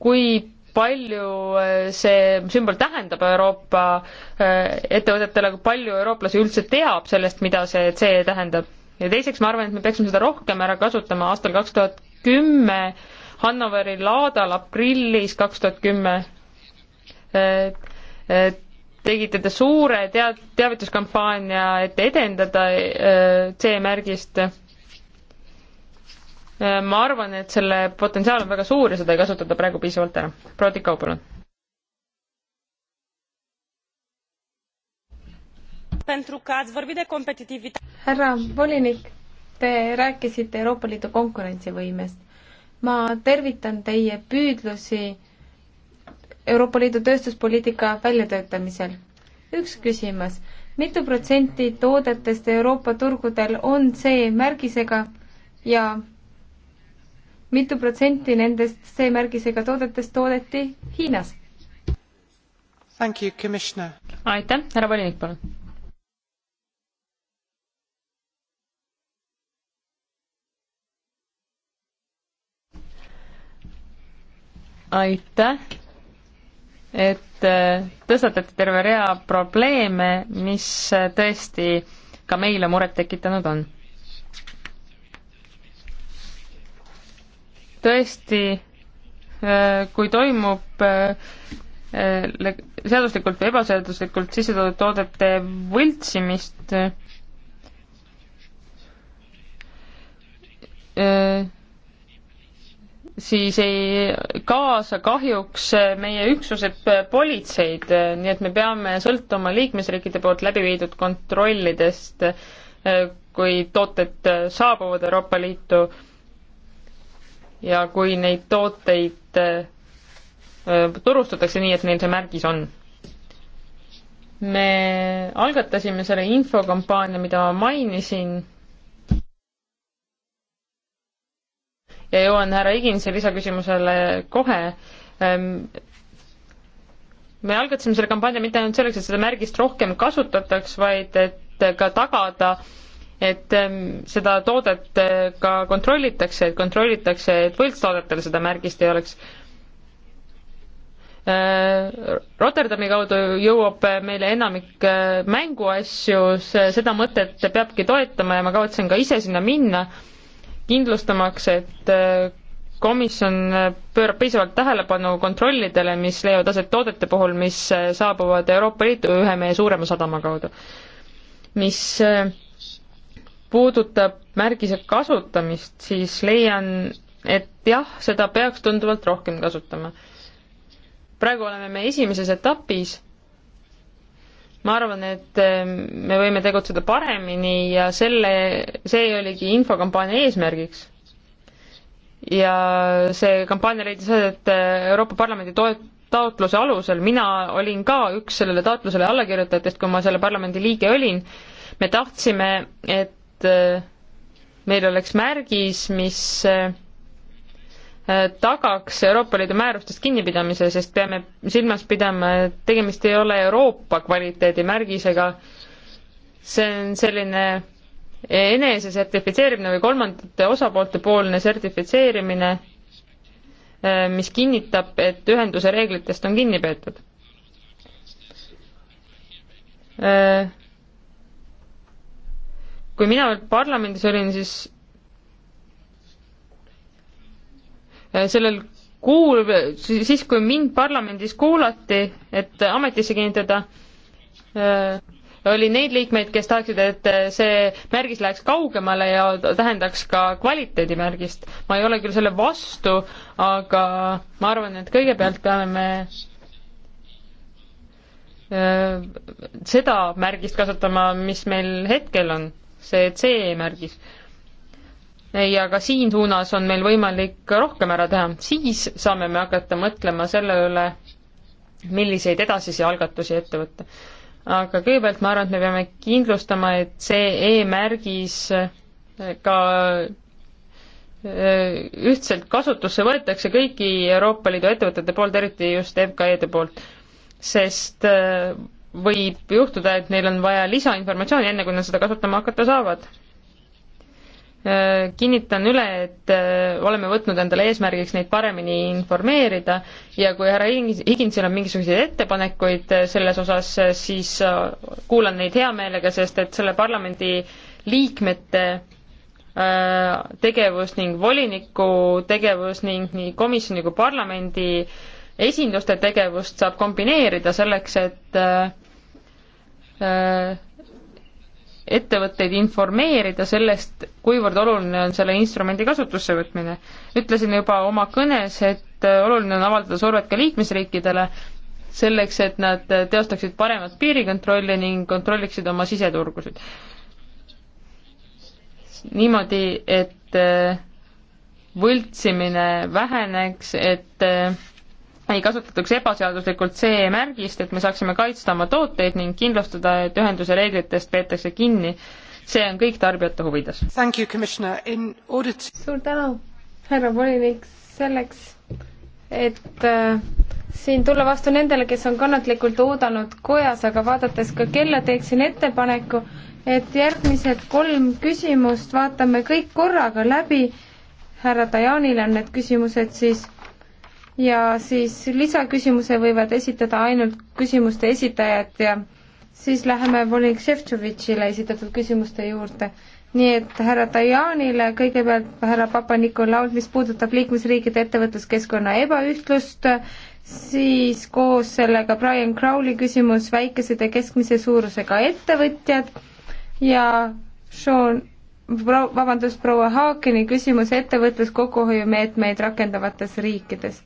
kui palju eh, see sümbol tähendab Euroopa eh, ettevõtetele, kui palju eurooplasi üldse teab sellest, mida see C tähendab. ja teiseks ma arvan, et me peaksime seda rohkem ära kasutama aastal kaks tuhat kümme, Hannoveri laadal aprillis kaks tuhat kümme tegite te suure tead-, teavituskampaania, et edendada C-märgist Äh, ma arvan, et selle potentsiaal on väga suur ja seda ei kasutata praegu piisavalt ära. proua Tikau, palun. härra volinik, te rääkisite Euroopa Liidu konkurentsivõimest. ma tervitan teie püüdlusi Euroopa Liidu tööstuspoliitika väljatöötamisel. üks küsimus, mitu protsenti toodetest Euroopa turgudel on C märgisega ja mitu protsenti nendest C-märgisega toodetest toodeti Hiinas? aitäh, härra volinik, palun. aitäh, et äh, tõstatati terve rea probleeme, mis äh, tõesti ka meile muret tekitanud on tõesti, äh, kui toimub äh, seaduslikult või ebaseaduslikult sisse toodud toodete võltsimist, äh, siis ei kaasa kahjuks meie üksused politseid, nii et me peame sõltuma liikmesriikide poolt läbi viidud kontrollidest, kui tooted saabuvad Euroopa Liitu ja kui neid tooteid äh, turustatakse nii, et neil see märgis on. me algatasime selle infokampaania, mida ma mainisin ja jõuan härra Iginse lisaküsimusele kohe. Ähm, me algatasime selle kampaania mitte ainult selleks, et seda märgist rohkem kasutataks, vaid et ka tagada äh, et ähm, seda toodet äh, ka kontrollitakse, et kontrollitakse, et võltstoodetel seda märgist ei oleks. Äh, Rotterdami kaudu jõuab äh, meile enamik mänguasju, seda mõtet peabki toetama ja ma kavatsen ka ise sinna minna, kindlustamaks, et komisjon pöörab piisavalt tähelepanu kontrollidele, mis leiavad aset toodete puhul, mis saabuvad Euroopa Liitu ühe meie suurema sadama kaudu. mis äh, puudutab märgise kasutamist, siis leian, et jah, seda peaks tunduvalt rohkem kasutama. praegu oleme me esimeses etapis, ma arvan, et ehm, me võime tegutseda paremini ja selle, see oligi infokampaania eesmärgiks. ja see kampaania leidis aset eh, Euroopa Parlamendi toet-, taotluse alusel, mina olin ka üks sellele taotlusele allakirjutajatest, kui ma selle parlamendi liige olin, me tahtsime, et et äh, meil oleks märgis, mis äh, äh, tagaks Euroopa Liidu määrustest kinnipidamise, sest peame silmas pidama, et tegemist ei ole Euroopa kvaliteedimärgisega. see on selline enese sertifitseerimine või kolmandate osapoolte poolne sertifitseerimine, mis kinnitab, et ühenduse reeglitest on kinni peetud kui mina veel parlamendis olin, siis äh, sellel kuul, siis kui mind parlamendis kuulati, et ametisse kinnitada, äh, oli neid liikmeid, kes tahaksid, et äh, see märgis läheks kaugemale ja tähendaks ka kvaliteedimärgist. ma ei ole küll selle vastu, aga ma arvan, et kõigepealt peame me seda märgist kasutama, mis meil hetkel on see C-märgis. ja ka siin suunas on meil võimalik rohkem ära teha, siis saame me hakata mõtlema selle üle, milliseid edasisi algatusi ette võtta. aga kõigepealt ma arvan, et me peame kindlustama, et see E-märgis eh, ka eh, ühtselt kasutusse võetakse kõigi Euroopa Liidu ettevõtete poolt, eriti just FKE-de poolt, sest eh, võib juhtuda, et neil on vaja lisainformatsiooni, enne kui nad seda kasutama hakata saavad. Äh, kinnitan üle, et äh, oleme võtnud endale eesmärgiks neid paremini informeerida ja kui härra Higinsil on mingisuguseid ettepanekuid äh, selles osas, siis kuulan neid hea meelega, sest et selle parlamendi liikmete tegevus ning voliniku tegevus ning nii komisjoni kui parlamendi esinduste tegevust saab kombineerida selleks, et Äh, ettevõtteid informeerida sellest, kuivõrd oluline on selle instrumendi kasutusse võtmine. ütlesin juba oma kõnes, et äh, oluline on avaldada survet ka liikmesriikidele, selleks, et nad äh, teostaksid paremat piirikontrolli ning kontrolliksid oma siseturgusid. niimoodi, et võltsimine väheneks, et ei kasutataks ebaseaduslikult CE-märgist, et me saaksime kaitsta oma tooteid ning kindlustada, et ühenduse reeglitest peetakse kinni. see on kõik tarbijate huvides. To... suur tänu, härra volinik, selleks, et äh, siin tulla vastu nendele, kes on kannatlikult oodanud kojas, aga vaadates ka kella, teeksin ettepaneku, et järgmised kolm küsimust vaatame kõik korraga läbi. härra Dajanil on need küsimused siis ja siis lisaküsimuse võivad esitada ainult küsimuste esitajad ja siis läheme volinik Šeftšovitšile esitatud küsimuste juurde. nii et härra Tajanile kõigepealt härra Papa-Nikolaud, mis puudutab liikmesriikide ettevõtluskeskkonna ebaühtlust, siis koos sellega Brian Crowley küsimus väikesed ja keskmise suurusega ettevõtjad ja Sean pro-, vabandust, proua Haakeni küsimus ettevõtlus kokkuhoiumeetmeid rakendavates riikides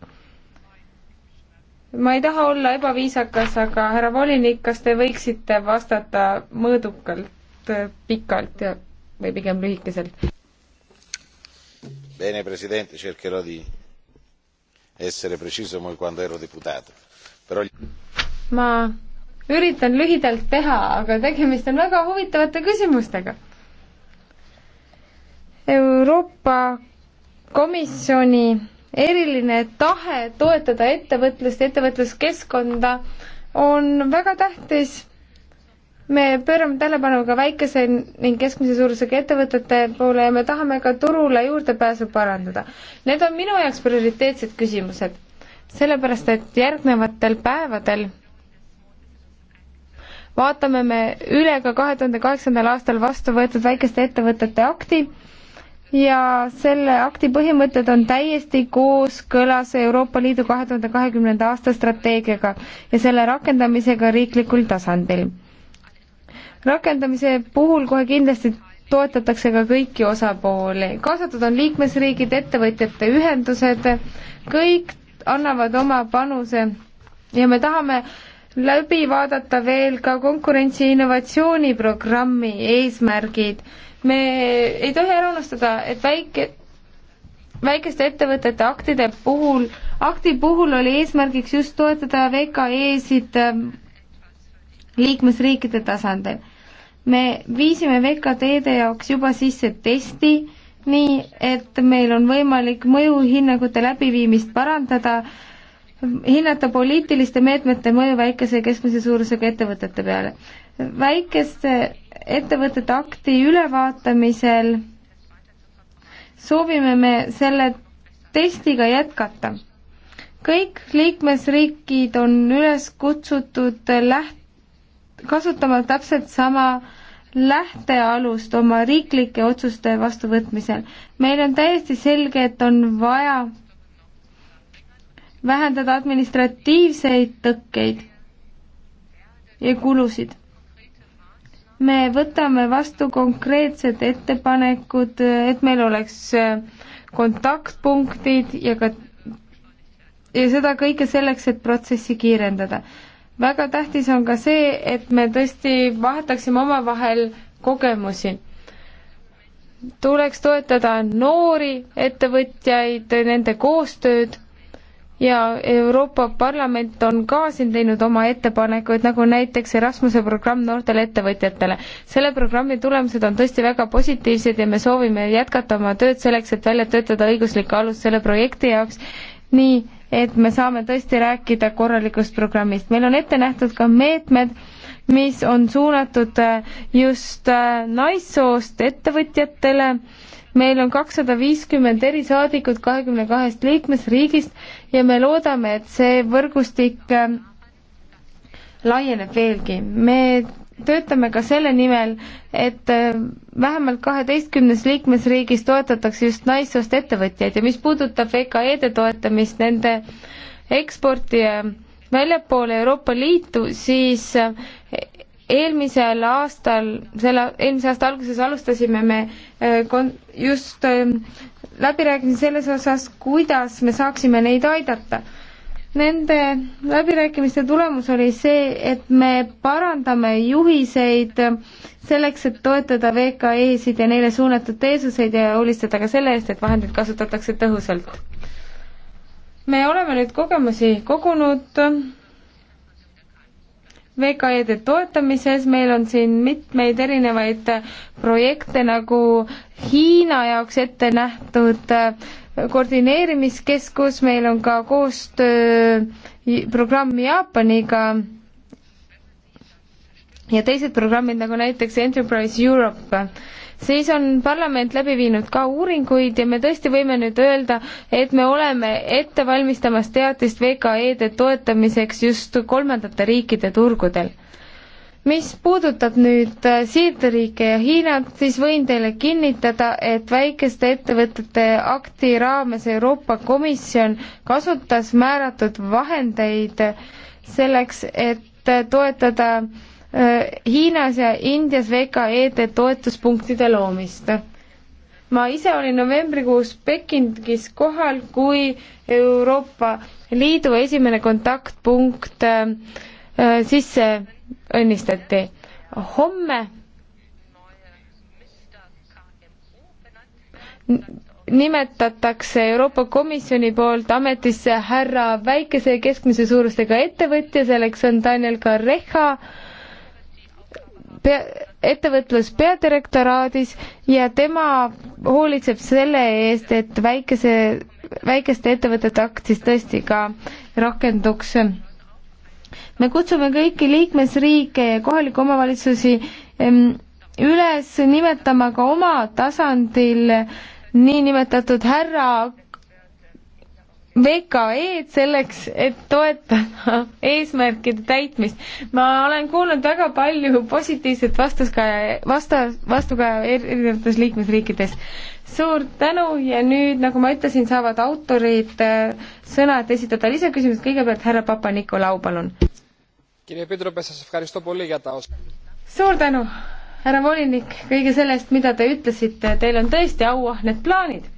ma ei taha olla ebaviisakas, aga härra volinik, kas te võiksite vastata mõõdukalt, äh, pikalt ja, või pigem lühikeselt? Bene, president, cercherò di essere preciso come quando ero deputato. Però... ma üritan lühidalt teha, aga tegemist on väga huvitavate küsimustega. Euroopa Komisjoni eriline tahe toetada ettevõtlust ja ettevõtluskeskkonda on väga tähtis. me pöörame tähelepanu ka väikese ning keskmise suurusega ettevõtete poole ja me tahame ka turule juurdepääsu parandada. Need on minu jaoks prioriteetsed küsimused, sellepärast et järgnevatel päevadel vaatame me üle ka kahe tuhande kaheksandal aastal vastu võetud väikeste ettevõtete akti ja selle akti põhimõtted on täiesti kooskõlas Euroopa Liidu kahe tuhande kahekümnenda aasta strateegiaga ja selle rakendamisega riiklikul tasandil. rakendamise puhul kohe kindlasti toetatakse ka kõiki osapooli, kaasatud on liikmesriigid, ettevõtjate ühendused, kõik annavad oma panuse ja me tahame läbi vaadata veel ka konkurentsi innovatsiooniprogrammi eesmärgid me ei tohi ära unustada, et väike, väikeste ettevõtete aktide puhul, akti puhul oli eesmärgiks just toetada VKE-sid ähm, liikmesriikide tasandil. me viisime VKD-de jaoks juba sisse testi, nii et meil on võimalik mõjuhinnangute läbiviimist parandada, hinnata poliitiliste meetmete mõju väikese ja keskmise suurusega ettevõtete peale. väikeste ettevõtete akti ülevaatamisel soovime me selle testiga jätkata. kõik liikmesriigid on üles kutsutud läht-, kasutama täpselt sama lähtealust oma riiklike otsuste vastuvõtmisel. meil on täiesti selge, et on vaja vähendada administratiivseid tõkkeid ja kulusid me võtame vastu konkreetsed ettepanekud, et meil oleks äh, kontaktpunktid ja ka ja seda kõike selleks, et protsessi kiirendada. väga tähtis on ka see, et me tõesti vahetaksime omavahel kogemusi. tuleks toetada noori ettevõtjaid, nende koostööd ja Euroopa Parlament on ka siin teinud oma ettepanekuid, nagu näiteks Erasmuse programm noortele ettevõtjatele. selle programmi tulemused on tõesti väga positiivsed ja me soovime jätkata oma tööd selleks, et välja töötada õiguslik alus selle projekti jaoks, nii et me saame tõesti rääkida korralikust programmist. meil on ette nähtud ka meetmed, mis on suunatud äh, just äh, naissoost ettevõtjatele. meil on kakssada viiskümmend erisaadikut kahekümne kahest liikmesriigist ja me loodame, et see võrgustik äh, laieneb veelgi. me töötame ka selle nimel, et vähemalt kaheteistkümnes liikmesriigis toetatakse just naissoost ettevõtjaid ja mis puudutab VKE-de toetamist, nende eksporti ja väljapoole Euroopa Liitu, siis eelmisel aastal, selle, eelmise aasta alguses alustasime me äh, kon-, just äh, läbirääkimisi selles osas, kuidas me saaksime neid aidata. Nende läbirääkimiste tulemus oli see, et me parandame juhiseid selleks, et toetada VKE-sid ja neile suunatud teesuseid ja hoolitseda ka selle eest, et vahendeid kasutatakse tõhusalt me oleme nüüd kogemusi kogunud VKE-de toetamises, meil on siin mitmeid erinevaid projekte nagu Hiina jaoks ette nähtud koordineerimiskeskus, meil on ka koostööprogramm Jaapaniga ja teised programmid nagu näiteks Enterprise Europe siis on parlament läbi viinud ka uuringuid ja me tõesti võime nüüd öelda, et me oleme ette valmistamas teatist VKE-de toetamiseks just kolmandate riikide turgudel. mis puudutab nüüd äh, siirderiike ja Hiinat, siis võin teile kinnitada, et väikeste ettevõtete akti raames Euroopa Komisjon kasutas määratud vahendeid selleks, et äh, toetada Äh, Hiinas ja Indias VKE-de toetuspunktide loomist. ma ise olin novembrikuus Pekingis kohal, kui Euroopa Liidu esimene kontaktpunkt äh, äh, sisse õnnistati. homme nimetatakse Euroopa Komisjoni poolt ametisse härra väikese ja keskmise suurustega ettevõtja, selleks on Daniel Carreja, pea, ettevõtlus peadirektoraadis ja tema hoolitseb selle eest, et väikese, väikeste ettevõtete akt siis tõesti ka rakenduks. me kutsume kõiki liikmesriike ja kohalikke omavalitsusi üles nimetama ka oma tasandil niinimetatud härra VKE-d selleks, et toetada eesmärkide täitmist. ma olen kuulnud väga palju positiivset vastuskaja, vasta, vastukaja er-, erinevates liikmesriikides. suur tänu ja nüüd, nagu ma ütlesin, saavad autorid äh, sõna, et esitada lisaküsimused, kõigepealt härra Papa-Nikolau, palun. suur tänu, härra volinik, kõige selle eest, mida te ütlesite, teil on tõesti auahned plaanid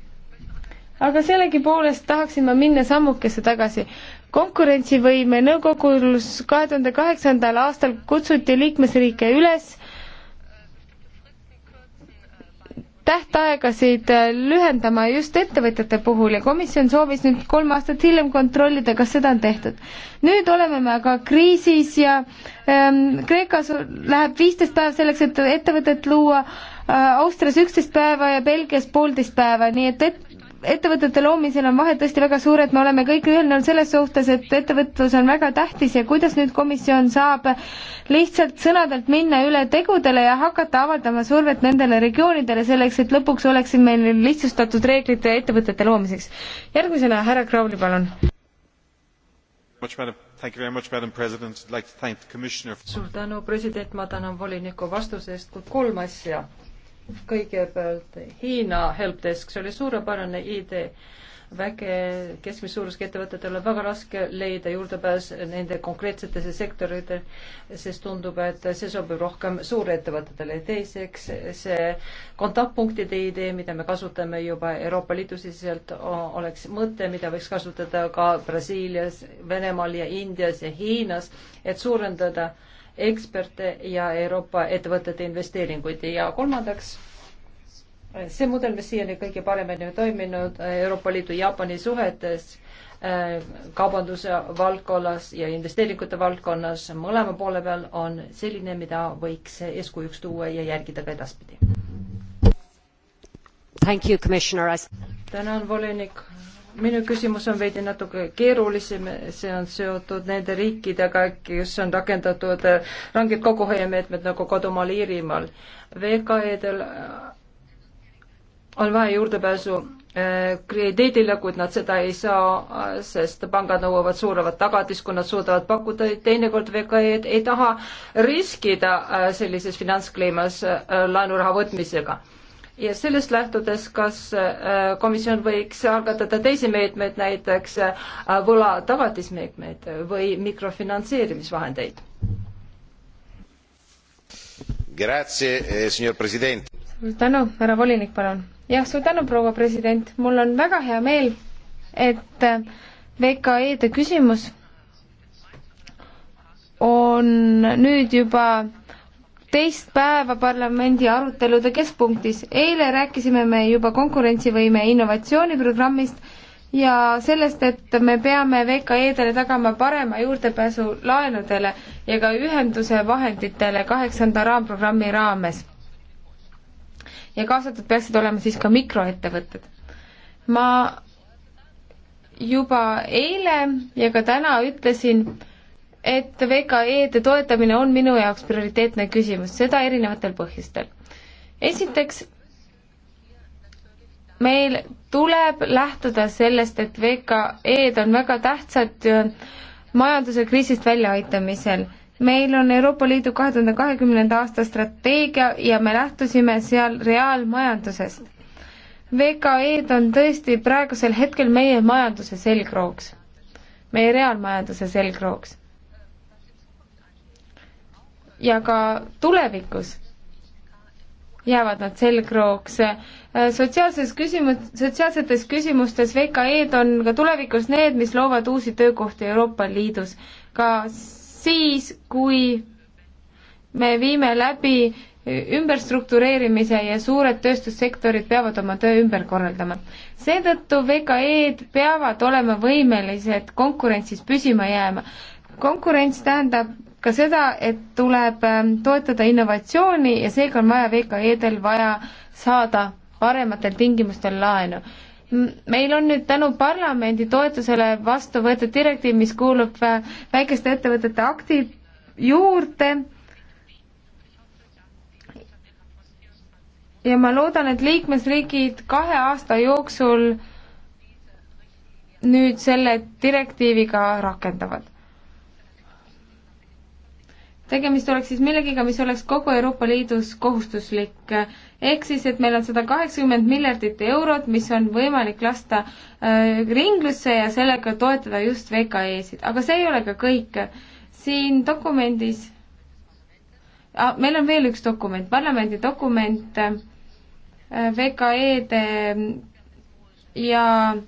aga sellegipoolest tahaksin ma minna sammukesse tagasi. konkurentsivõime nõukogus kahe tuhande kaheksandal aastal kutsuti liikmesriike üles tähtaegasid lühendama just ettevõtjate puhul ja komisjon soovis nüüd kolm aastat hiljem kontrollida, kas seda on tehtud. nüüd oleme me aga kriisis ja ähm, Kreekas läheb viisteist päeva selleks, et ettevõtet luua äh,, Austrias üksteist päeva ja Belgias poolteist päeva, nii et, et ettevõtete loomisel on vahed tõesti väga suured, me oleme kõik ühel nõul selles suhtes, et ettevõtlus on väga tähtis ja kuidas nüüd komisjon saab lihtsalt sõnadelt minna üle tegudele ja hakata avaldama survet nendele regioonidele selleks, et lõpuks oleksid meil lihtsustatud reeglid ettevõtete loomiseks. järgmisena härra Crowley, palun. suur tänu, president, ma tänan voliniku vastuse eest, kuid kolm asja kõigepealt Hiina helpdesk, see oli suurepärane idee. väike, keskmise suurusega ettevõtetel on väga raske leida juurdepääs nende konkreetsetesse sektoritele, sest tundub, et see sobib rohkem suurettevõtetele. teiseks, see kontaktpunktide idee, mida me kasutame juba Euroopa Liidu siseselt, oleks mõte, mida võiks kasutada ka Brasiilias, Venemaal ja Indias ja Hiinas, et suurendada äh, eksperte ja Euroopa ettevõtete investeeringuid ja kolmandaks see mudel, mis siiani kõige paremini toiminud Euroopa Liidu Jaapani suhetes, äh, kaubanduse valdkonnas ja investeeringute valdkonnas mõlema poole peal on selline, mida võiks eeskujuks tuua ja järgida ka edaspidi. tänan, volinik minu küsimus on veidi natuke keerulisem, see on seotud nende riikidega, kes on rakendatud ranged kokkuhoiumeetmed nagu kodumaal Iirimaal. VKE-del on vaja juurdepääsu eh, krediidile, kuid nad seda ei saa, sest pangad nõuavad suuremat tagatist, kui nad suudavad pakkuda, teinekord VKE-d ei taha riskida eh, sellises finantskliimas eh, laenuraha võtmisega ja sellest lähtudes, kas äh, komisjon võiks algatada teisi meetmeid, näiteks äh, võla tagatismeetmeid või mikrofinantseerimisvahendeid? Eh, suur tänu, härra volinik, palun. jah, suur tänu, proua president, mul on väga hea meel, et äh, VKE-de küsimus on nüüd juba teist päeva parlamendi arutelude keskpunktis. eile rääkisime me juba konkurentsivõime innovatsiooniprogrammist ja sellest, et me peame VKE-dele tagama parema juurdepääsu laenudele ja ka ühenduse vahenditele kaheksanda raamprogrammi raames. ja kaasatud peaksid olema siis ka mikroettevõtted. ma juba eile ja ka täna ütlesin, et VKE-de toetamine on minu jaoks prioriteetne küsimus, seda erinevatel põhjustel. esiteks, meil tuleb lähtuda sellest, et VKE-d on väga tähtsad äh, majanduse kriisist väljaaitamisel. meil on Euroopa Liidu kahe tuhande kahekümnenda aasta strateegia ja me lähtusime seal reaalmajandusest. VKE-d on tõesti praegusel hetkel meie majanduse selgrooks, meie reaalmajanduse selgrooks ja ka tulevikus jäävad nad selgrooks. sotsiaalses küsimus, sotsiaalsetes küsimustes VKE-d on ka tulevikus need, mis loovad uusi töökohti Euroopa Liidus. ka siis, kui me viime läbi ümberstruktureerimise ja suured tööstussektorid peavad oma töö ümber korraldama. seetõttu VKE-d peavad olema võimelised konkurentsis püsima jääma. konkurents tähendab ka seda, et tuleb ähm, toetada innovatsiooni ja seega on vaja VKE-del vaja saada parematel tingimustel laenu. meil on nüüd tänu parlamendi toetusele vastu võetud direktiiv, mis kuulub äh, väikeste ettevõtete akti juurde ja ma loodan, et liikmesriigid kahe aasta jooksul nüüd selle direktiiviga rakendavad tegemist oleks siis millegiga, mis oleks kogu Euroopa Liidus kohustuslik. ehk siis, et meil on sada kaheksakümmend miljardit eurot, mis on võimalik lasta äh, ringlusse ja sellega toetada just VKE-sid, aga see ei ole ka kõik. siin dokumendis ah,, meil on veel üks dokument, parlamendi dokument äh, VKE-de ja äh,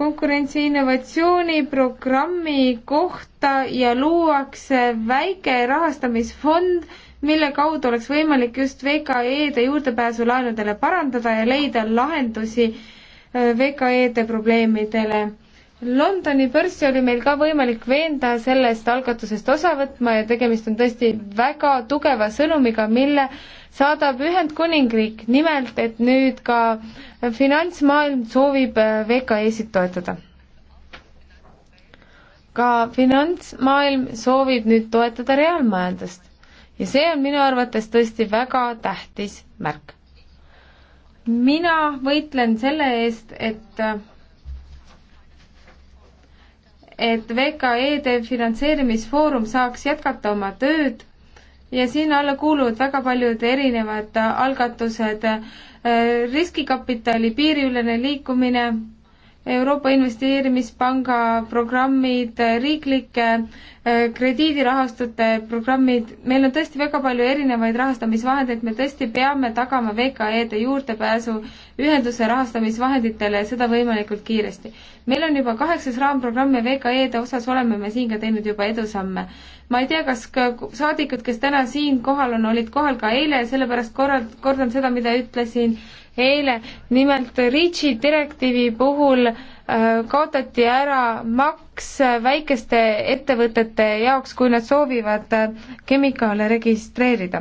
konkurentsi innovatsiooniprogrammi kohta ja luuakse väike rahastamisfond, mille kaudu oleks võimalik just VKE-de juurdepääsu laenudele parandada ja leida lahendusi äh, VKE-de probleemidele. Londoni börsi oli meil ka võimalik veenda sellest algatusest osa võtma ja tegemist on tõesti väga tugeva sõnumiga, mille saadab Ühendkuningriik, nimelt et nüüd ka finantsmaailm soovib äh, VKE-sid toetada. ka finantsmaailm soovib nüüd toetada reaalmajandust ja see on minu arvates tõesti väga tähtis märk. mina võitlen selle eest, et äh, et VKE-de finantseerimisfoorum saaks jätkata oma tööd ja sinna alla kuuluvad väga paljud erinevad algatused, äh, riskikapitali piiriülene liikumine Euroopa Investeerimispanga programmid, riiklike äh, krediidirahastute programmid, meil on tõesti väga palju erinevaid rahastamisvahendeid, me tõesti peame tagama VKE-de juurdepääsu ühenduse rahastamisvahenditele ja seda võimalikult kiiresti. meil on juba kaheksas raamprogramm ja VKE-de osas oleme me siin ka teinud juba edusamme. ma ei tea, kas ka saadikud, kes täna siin kohal on, olid kohal ka eile, sellepärast korral-, kordan seda, mida ütlesin eile. nimelt REACH-i direktiivi puhul äh, kaotati ära maks äh, väikeste ettevõtete jaoks, kui nad soovivad äh, kemikaale registreerida.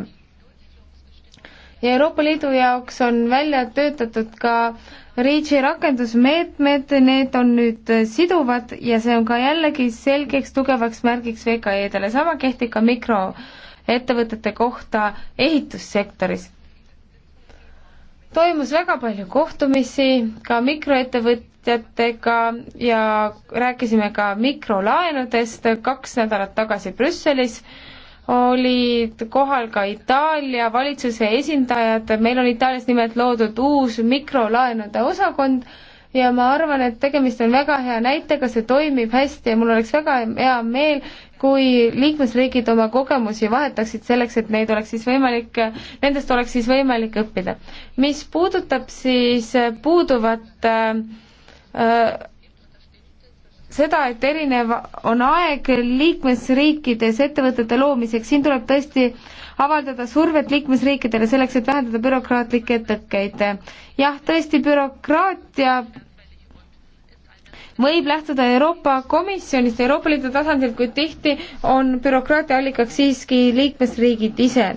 ja Euroopa Liidu jaoks on välja töötatud ka REACH-i rakendusmeetmed, need on nüüd siduvad ja see on ka jällegi selgeks tugevaks märgiks VKE-dele, sama kehtib ka mikroettevõtete kohta ehitussektoris toimus väga palju kohtumisi ka mikroettevõtjatega ja rääkisime ka mikrolaenudest kaks nädalat tagasi Brüsselis, olid kohal ka Itaalia valitsuse esindajad, meil on Itaalias nimelt loodud uus mikrolaenude osakond ja ma arvan, et tegemist on väga hea näitega, see toimib hästi ja mul oleks väga hea meel, kui liikmesriigid oma kogemusi vahetaksid selleks, et neid oleks siis võimalik, nendest oleks siis võimalik õppida. mis puudutab siis puuduvat äh, äh, seda, et erinev on aeg liikmesriikides ettevõtete loomiseks, siin tuleb tõesti avaldada survet liikmesriikidele selleks, et vähendada bürokraatlikke tõkkeid. jah, tõesti, bürokraatia võib lähtuda Euroopa Komisjonist, Euroopa Liidu tasandilt, kuid tihti on bürokraatia allikaks siiski liikmesriigid ise.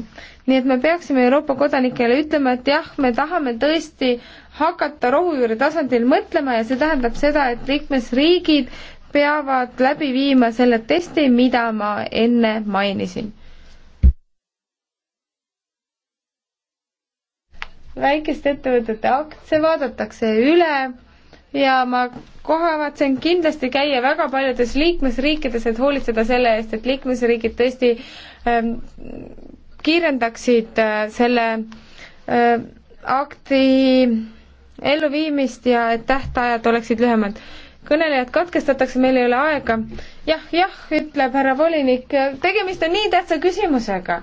nii et me peaksime Euroopa kodanikele ütlema, et jah, me tahame tõesti hakata rohujuure tasandil mõtlema ja see tähendab seda, et liikmesriigid peavad läbi viima selle testi, mida ma enne mainisin väikeste ettevõtete aktse vaadatakse üle ja ma kavatsen kindlasti käia väga paljudes liikmesriikides, et hoolitseda selle eest, et liikmesriigid tõesti ähm, kiirendaksid äh, selle äh, akti elluviimist ja et tähtajad oleksid lühemad. kõnelejad katkestatakse, meil ei ole aega. jah, jah, ütleb härra volinik, tegemist on nii tähtsa küsimusega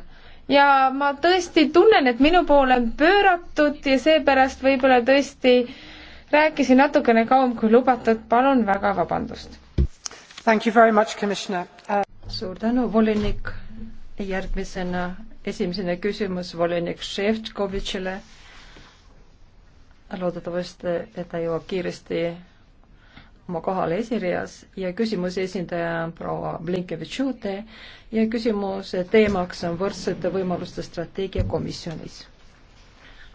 ja ma tõesti tunnen, et minu poole on pööratud ja seepärast võib-olla tõesti äh, rääkisin natukene kauem kui lubatud, palun väga vabandust. Uh... suur tänu, volinik. järgmisena esimesena küsimus volinik Šeftkovitšile. loodetavasti, et ta jõuab kiiresti oma kohale esireas ja küsimuse esindaja on proua Blinkevitš-Jute ja küsimuse teemaks on võrdsete võimaluste strateegia komisjonis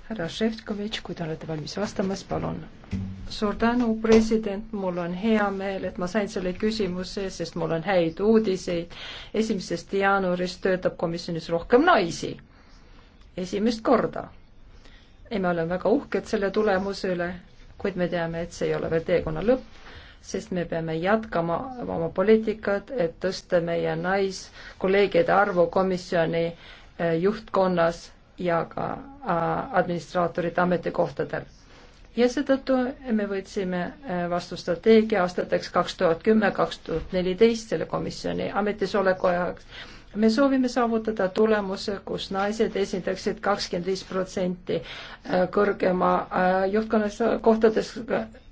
härra Šeftkovitš, kui te olete valmis vastamas, palun. suur tänu, president, mul on hea meel, et ma sain selle küsimuse, sest mul on häid uudiseid. esimesest jaanuarist töötab komisjonis rohkem naisi. esimest korda. ja me oleme väga uhked selle tulemuse üle, kuid me teame, et see ei ole veel teekonna lõpp sest me peame jätkama oma poliitikat, et tõsta meie naiskolleegide arvu komisjoni eh, juhtkonnas ja ka Äh, administraatorite ametikohtadel. ja seetõttu me võtsime äh, vastu strateegia aastateks kaks tuhat kümme, kaks tuhat neliteist selle komisjoni ametisoleku ajaks. me soovime saavutada tulemuse, kus naised esindaksid kakskümmend viis protsenti äh, kõrgema juhtkonnas kohtades,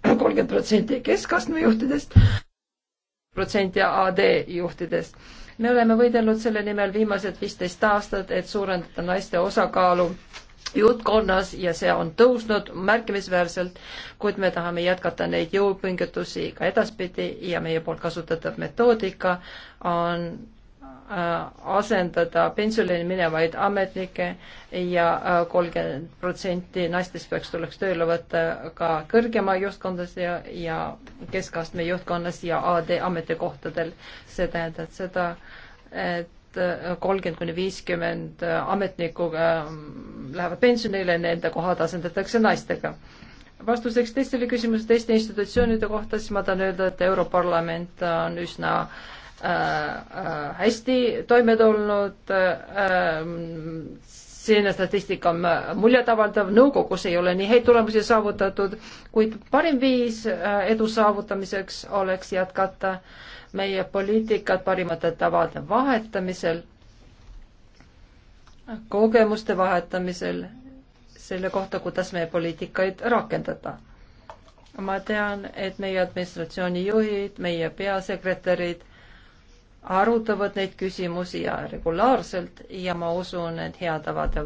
kolmkümmend protsenti keskastme juhtidest, protsenti AD juhtidest me oleme võidelnud selle nimel viimased viisteist aastat, et suurendada naiste osakaalu juhtkonnas ja see on tõusnud märkimisväärselt, kuid me tahame jätkata neid jõupingutusi ka edaspidi ja meie poolt kasutatav metoodika on äh, asendada pensionile minevaid ametnikke ja äh, kolmkümmend protsenti naistest peaks, tuleks tööle võtta ka kõrgema juhtkondas ja, ja keskastme juhtkonnas ja AD ametikohtadel. see tähendab seda, et Äh, kolmkümmend kuni viiskümmend äh, ametnikku äh, lähevad pensionile, nende kohad asendatakse naistega. vastuseks teistele küsimustele teiste institutsioonide kohta, siis ma tahan öelda, et Europarlament on üsna äh, hästi toime tulnud äh,, selline statistika on muljetavaldav, nõukogus ei ole nii häid tulemusi saavutatud, kuid parim viis edu saavutamiseks oleks jätkata äh, meie poliitikat parimate tavade vahetamisel, kogemuste vahetamisel selle kohta, kuidas meie poliitikaid rakendada. ma tean, et meie administratsiooni juhid, meie peasekretärid arutavad neid küsimusi ja regulaarselt ja ma usun, et hea tavade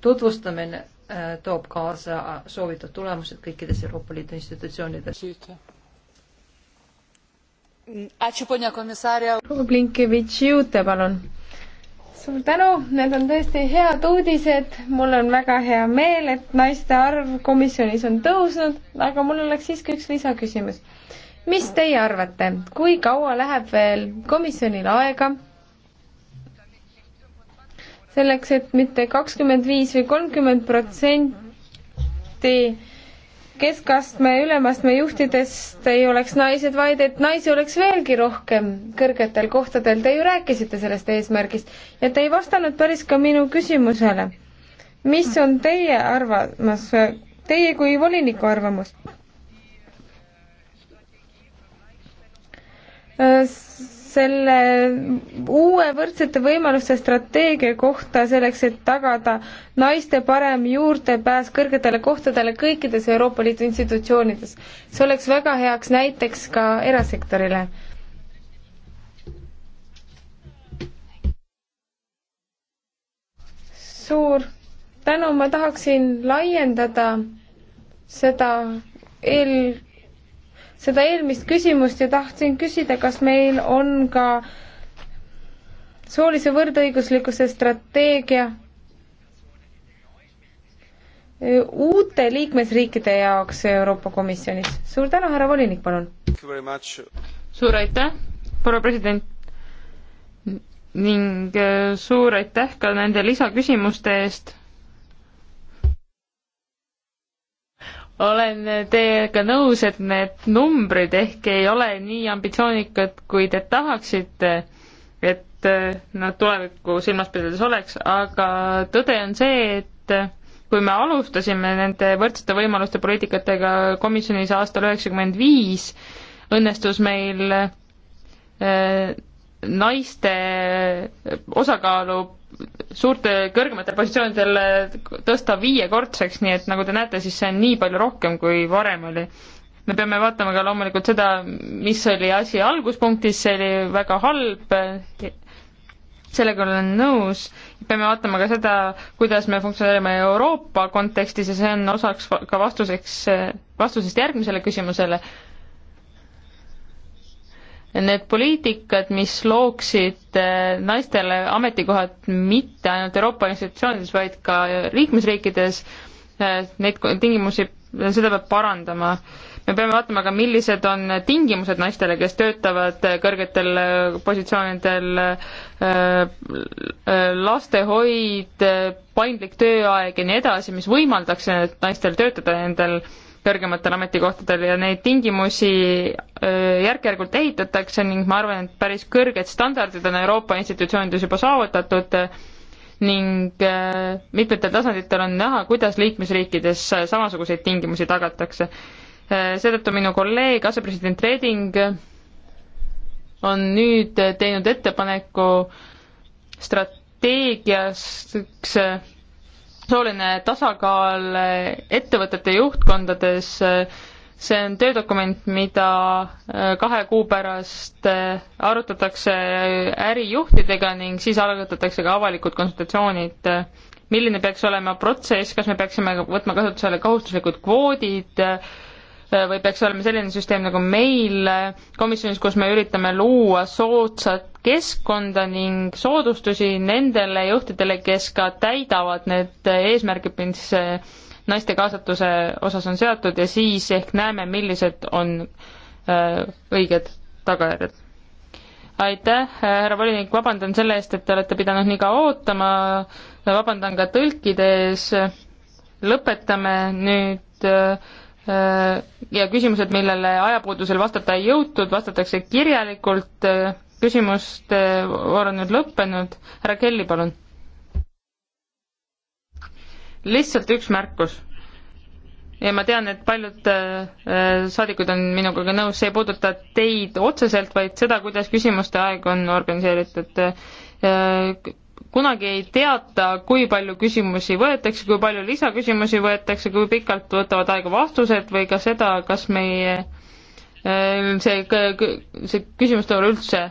tutvustamine äh, toob kaasa soovitud tulemused kõikides Euroopa Liidu institutsioonides proua Blinkevitš-Jute, palun. suur tänu, need on tõesti head uudised, mul on väga hea meel, et naiste arv komisjonis on tõusnud, aga mul oleks siiski üks lisaküsimus. mis teie arvate, kui kaua läheb veel komisjonil aega selleks, et mitte kakskümmend viis või kolmkümmend protsenti keskastme, ülemastme juhtidest ei oleks naised, vaid et naisi oleks veelgi rohkem kõrgetel kohtadel. Te ju rääkisite sellest eesmärgist ja te ei vastanud päris ka minu küsimusele. mis mm. on teie arvamus, teie kui voliniku arvamus? Äh, selle uue võrdsete võimaluste strateegia kohta selleks, et tagada naiste parem juurdepääs kõrgetele kohtadele kõikides Euroopa Liidu institutsioonides. see oleks väga heaks näiteks ka erasektorile. suur tänu, ma tahaksin laiendada seda eel seda eelmist küsimust ja tahtsin küsida, kas meil on ka soolise võrdõiguslikkuse strateegia e, uute liikmesriikide jaoks Euroopa Komisjonis. suur tänu, härra volinik, palun! suur aitäh, proua president! ning e, suur aitäh ka nende lisaküsimuste eest olen teiega nõus, et need numbrid ehk ei ole nii ambitsioonikad, kui te tahaksite, et äh, nad tulevikku silmas pidades oleks, aga tõde on see, et äh, kui me alustasime nende võrdsete võimaluste poliitikatega komisjonis aastal üheksakümmend viis, õnnestus meil äh, naiste osakaalu suurte kõrgematel positsioonidel tõsta viiekordseks, nii et nagu te näete, siis see on nii palju rohkem, kui varem oli. me peame vaatama ka loomulikult seda, mis oli asi alguspunktis, see oli väga halb, sellega olen nõus, peame vaatama ka seda, kuidas me funktsioneerime Euroopa kontekstis ja see on osaks ka vastuseks, vastusest järgmisele küsimusele need poliitikad, mis looksid eh, naistele ametikohad mitte ainult Euroopa institutsioonides, vaid ka liikmesriikides, eh, neid tingimusi, seda peab parandama. me peame vaatama ka, millised on tingimused naistele, kes töötavad eh, kõrgetel positsioonidel, lastehoid, paindlik tööaeg ja nii edasi, mis võimaldaks naistel töötada nendel äh, kõrgematel ametikohtadel ja neid tingimusi järk-järgult ehitatakse ning ma arvan, et päris kõrged standardid on Euroopa institutsioonides juba saavutatud ning mitmetel tasanditel on näha, kuidas liikmesriikides samasuguseid tingimusi tagatakse. seetõttu minu kolleeg, asepresident Reding on nüüd teinud ettepaneku strateegiaks sooline tasakaal ettevõtete juhtkondades, see on töödokument, mida äh, kahe kuu pärast äh, arutatakse ärijuhtidega ning siis algatatakse ka avalikud konsultatsioonid. milline peaks olema protsess, kas me peaksime võtma kasutusele kohustuslikud kvoodid, või peaks olema selline süsteem nagu meil komisjonis, kus me üritame luua soodsat keskkonda ning soodustusi nendele juhtidele, kes ka täidavad need eesmärgid, mis eh, naiste kaasatuse osas on seatud ja siis ehk näeme, millised on eh, õiged tagajärjed. aitäh, eh, härra volinik, vabandan selle eest, et te olete pidanud nii kaua ootama, vabandan ka tõlkide ees, lõpetame nüüd äh, ja küsimused, millele ajapuudusel vastata ei jõutud, vastatakse kirjalikult, küsimuste voor on nüüd lõppenud, härra Kelly, palun. lihtsalt üks märkus. ja ma tean, et paljud äh, saadikud on minuga ka nõus, see ei puuduta teid otseselt, vaid seda, kuidas küsimuste aeg on organiseeritud äh, kunagi ei teata, kui palju küsimusi võetakse, kui palju lisaküsimusi võetakse, kui pikalt võtavad aega vastused või ka seda, kas meie äh, see, see küsimuste juurde üldse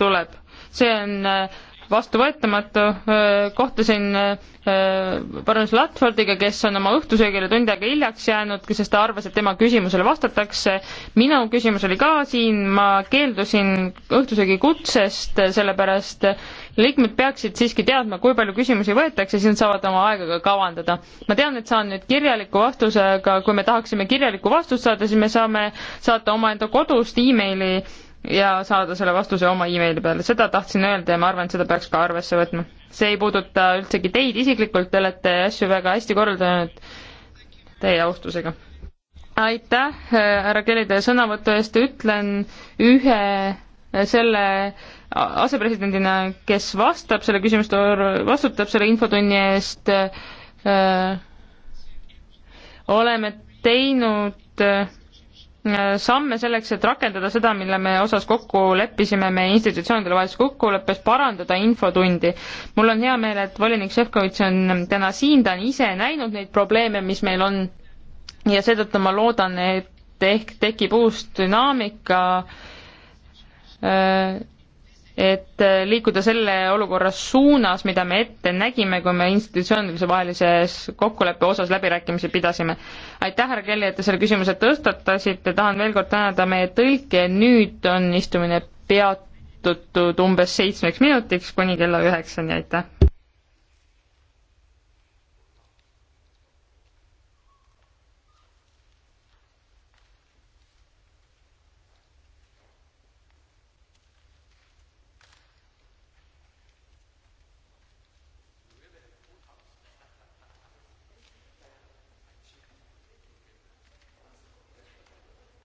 tuleb. see on äh, vastuvõetamatu, kohtusin parandus Latfordiga, kes on oma õhtusöögile tund aega hiljaks jäänud, sest ta arvas, et tema küsimusele vastatakse. minu küsimus oli ka siin, ma keeldusin õhtusöögi kutsest, sellepärast liikmed peaksid siiski teadma, kui palju küsimusi võetakse, siis nad saavad oma aega ka kavandada. ma tean, et saan nüüd kirjaliku vastuse, aga kui me tahaksime kirjalikku vastust saada, siis me saame saata omaenda kodust emaili ja saada selle vastuse oma emaili peale, seda tahtsin öelda ja ma arvan, et seda peaks ka arvesse võtma. see ei puuduta üldsegi teid isiklikult, te olete asju väga hästi korraldanud, teie austusega. aitäh, äh, härra Kelly, teie sõnavõtu eest, ütlen ühe selle asepresidendina, kes vastab selle küsimuste, vastutab selle infotunni eest äh,, oleme teinud äh, samme selleks, et rakendada seda, mille me osas kokku leppisime meie institutsioonide vahelises kokkuleppes, parandada infotundi. mul on hea meel, et volinik Šefkovitš on täna siin, ta on ise näinud neid probleeme, mis meil on ja seetõttu ma loodan, et ehk tekib uus dünaamika äh, et äh, liikuda selle olukorra suunas, mida me ette nägime, kui me institutsioonilise vahelises kokkuleppe osas läbirääkimisi pidasime. aitäh, härra Kelly, et te selle küsimuse tõstatasite, tahan veel kord tänada meie tõlke, nüüd on istumine peatatud umbes seitsmeks minutiks kuni kella üheksani, aitäh!